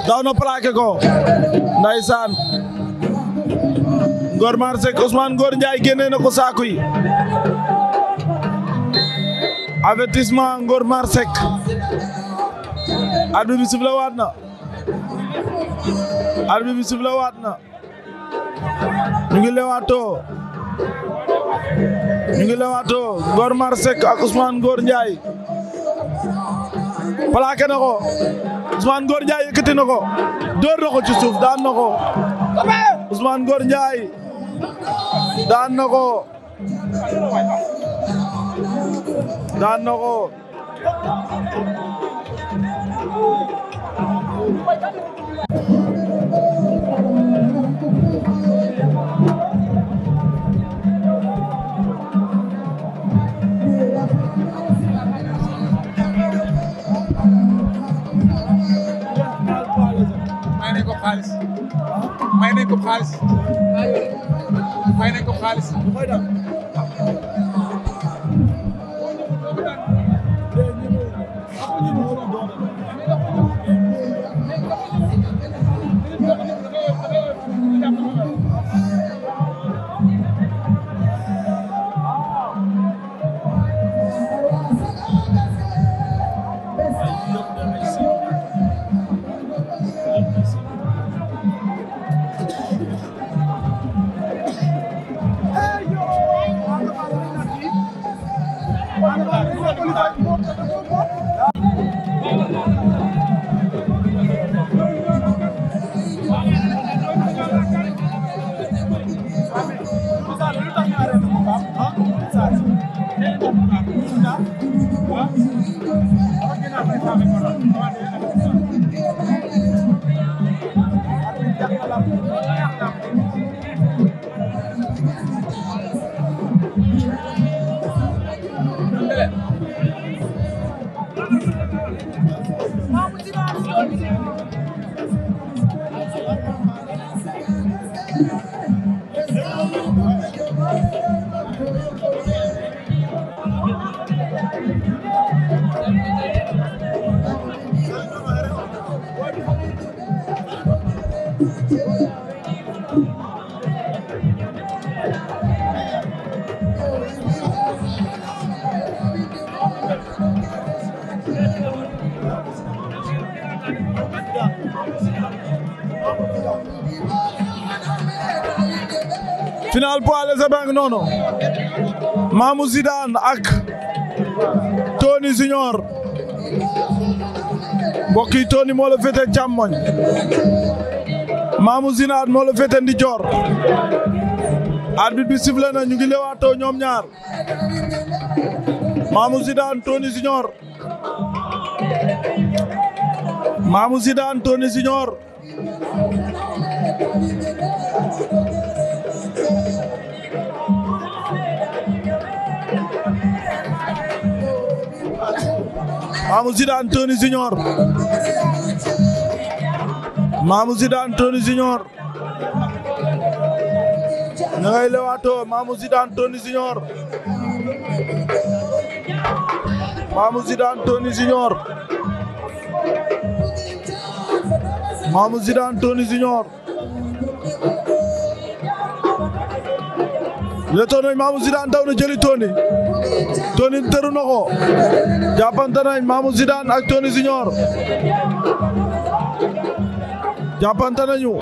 daw na plaqué ko ndeysaan Ngor Mar Seck Ousmane ngoor Ndiaye génnee na ko saaku yi avertissement Ngor Mar Seck arbitre bi sifflé waat na arbitre bi sifflé waat na ñu ngi lewaatoo ñu ngi lewaatoo Ngor Mar Seck ak Ousmane Ngor Ndiaye plaqué na ko Ousmane Ngor Ndiaye yëkkati na ko ci suuf daan na ko Ousmane Ngor Ndiaye daan na daan na xaalis may nañ ko xaalis may nañ ko xaalis Forza baa ngi noonu Mamou Zidane ak Tony Junior mbokk yi Tony moo la féete càmmoñ Mamou Zidane moo la féete ndijoor arbitre bi sifflé na ñu ngi lewaatoo ñoom ñaar Mamou Zidane Tony Junior Mamou Zidane Tony Junior Mamou Zidane Tony Junior Mamou Zidane Tony Junior ña ngay lewaatoo Mamou Zidane Tony Junior Mamou Zidane Tony Junior Mamou Zidane Tony Junior le Tony Mamou Zidane daw na jëli Tony Tony tëru na ko jàppante nañ Mamou Zidane ak Tony Junior jàppante nañu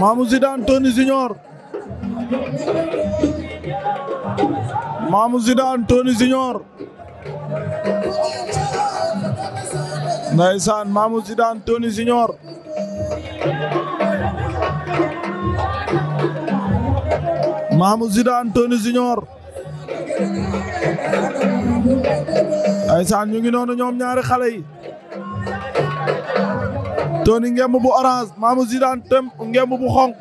Mamou Zidane Tony Junior Mamou Zidane Tony Junior Ndeysaan Mamou Zidane Tony Junior aysaan ñu ngi noonu ñoom ñaari xale yi Tony ngemb bu orange Mamou Zidane tem ngemb bu xonq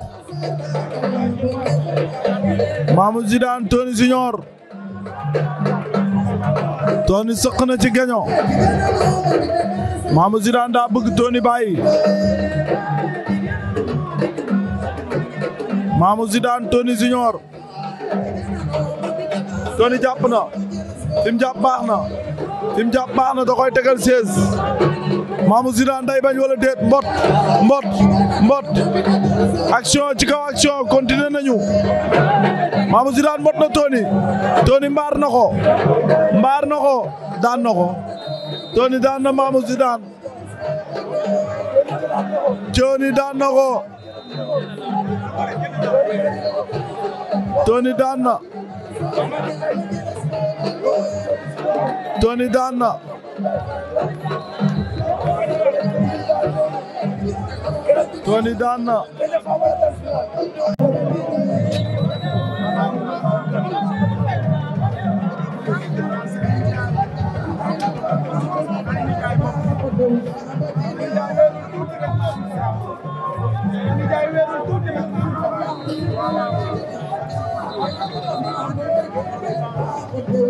Mamou Zidane Tony Junior Tony sëq na ci geño Mamou Zidane daa bëgg Tony bàyyi Mamou Zidane Tony Junior Tony jàpp na fi mu jàpp baax na fi mu jàpp koy tegal seize Mamou Zidane day bañ wala déet mbot mbot mbot action ci kaw action continuer nañu Mamou Zidane mbot na Tony Tony mbaar na ko mbaar na ko daan na ko Tony daan na Mamou Zidane Tony daan na ko Tony daan na Tony daan na Tony daan na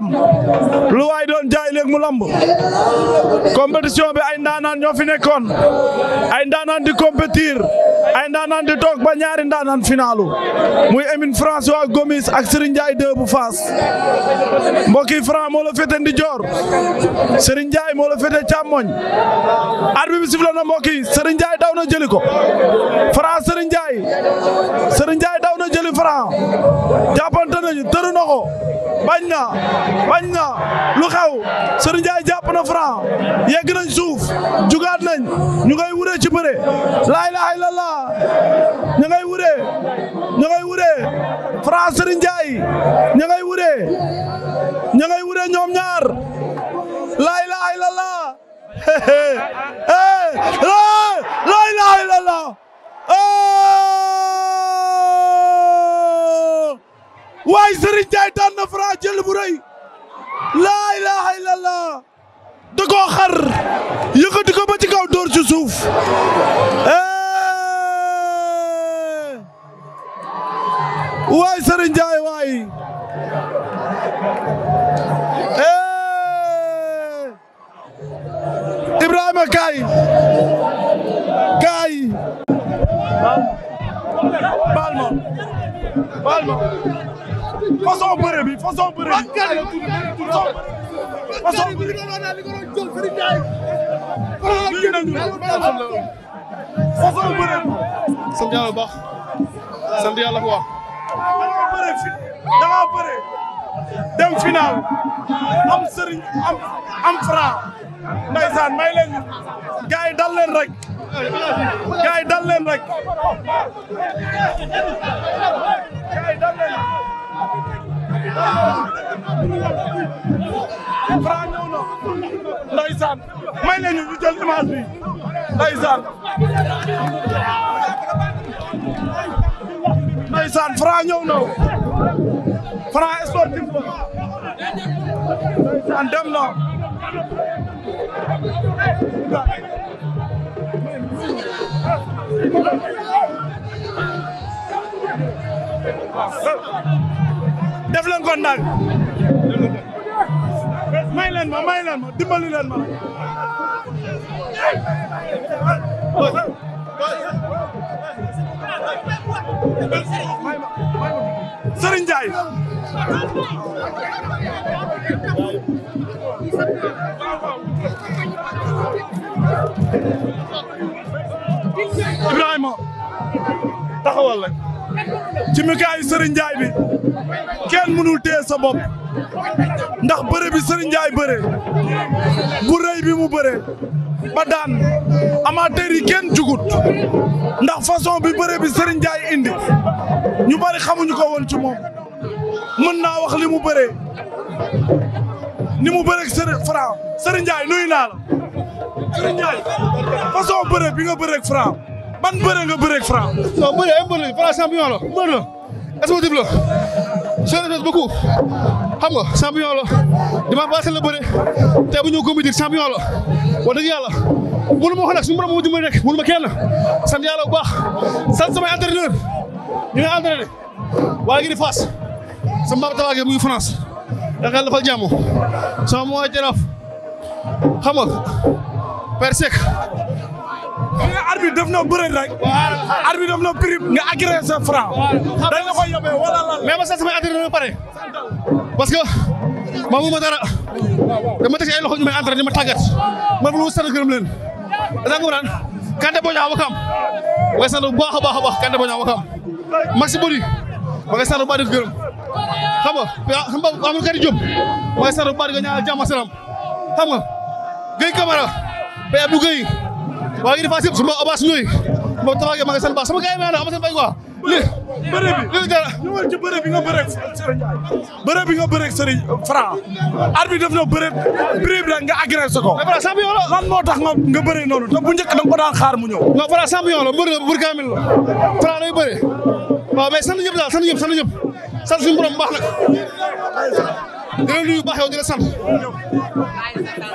lamb lu waay doon jaay léegi mu lamb compétition bi ay ndaanaan ñoo fi nekkoon ay ndaanaan di compétir ay ndaanaan di toog ba ñaari ndaanaan finalu muy Emine François Gomis ak Serigne Ndiaye 2 bu Faas mbokki Franc moo la féete ndijoor Serigne Ndiaye moo la féete càmmoñ arbitre bi sifla na mbokki Serigne Ndiaye daw na jëli ko Franc Serigne bañ na bañ na lu xew Serigne Ndiaye jàpp na Franc yegg nañ suuf jugaat nañ ñu ngay wure ci bëre laa ilaaha illallaah ñu ngay wure ñu ngay ñoom ñaar laa ilaaha illallaah laa eh, eh, ilaaha illallaah eh! waaye Serigne Ndiaye daan na Franc jël bu rëy laa ilaha illallah da koo xar yëkkati ba ci kaw dóor ci suuf eh. waay Serigne Ndiaye waay eh. Ibrahima kaay kaay baal ma façon bëre bi façon bëre bi façon bëre bi façon bëre bi. sant yàlla bu baax sant yàlla bu baax. danga bëre fi danga bëre dem final am sëriñ am am Franc ndeysaan may leen gars yi dal leen rek gars yi dal leen leen. Franc ñëw na may lañu ñu jël image bi ndeysaan ndeysaan Franc ñëw na Franc sportif ba dem na def leen ko ndànk may leen ma may leen ma dimbali leen ma. taxawal la. ci mikaayu Serigne Ndiaye bi kenn mënul téye sa bopp ndax bëre bi Serigne Ndiaye bu rëy bi mu bëre ba daan amateur yi kenn jugut ndax fason bi bëre bi Serigne indi ñu bari xamuñu ko woon ci moom mën naa wax li mu bëree ni mu bëree Serigne Franc Serigne Ndiaye nuyu naa la Serigne Ndiaye façon bëre bi nga bëreeg Franc ban bëre nga bëreeg Franc. non bëre ay bëre Franc champion la mbër la sportif la jeune beaucoup xam nga champion la dimanche passé la bëre tey bu ñu compétir champion la wax dëgg yàlla mënu ma wax nag suñu borom moo ma kenn sant yàlla bu baax samay entraîneur ñu ngi entraîné waaye ngi di Fass sama mbaa tawaage mu ngi France yaakaar dafa jàmm sama mooy jaraaf xam nga xam nga arbitre daf na nga agressé Franc. dañ la ma sax samay entraîné ba pare. parce que ma mu ma dara dama teg ay loxo ñu may entraîné ma tàggat man bu ma gërëm leen. da nga naan Kante Boña Wakam ma ngi sant bu baax a baax a baax Kante Boña Wakam Maxi Bodi ma ngi sant bu baax di gërëm xam nga ah, xam nga amul ma ngi sant bu baax di ko ñaanal jàmm ak salaam xam nga waa ngi di Fass yëpp su ma Abass Ndoye ma Tapha Gueye ma nga seen baax sama gars yi ma ne am seen bay quoi. bëre bi na ci bëre bi nga bëre ak Serigne bëre bi nga bëre ak Serigne Franc arbitre na bëre bëre bi nga agressé ko. mais moo tax nga bëre noonu te bu njëkk da nga ko daan xaar mu ñëw. non Franc champion la mbër la mbër kaamil la Franc day bëre waaw mais sant ñëpp daal sant ñëpp sant ñëpp sant suñu borom baax nag di nuyu baax yow di la sant.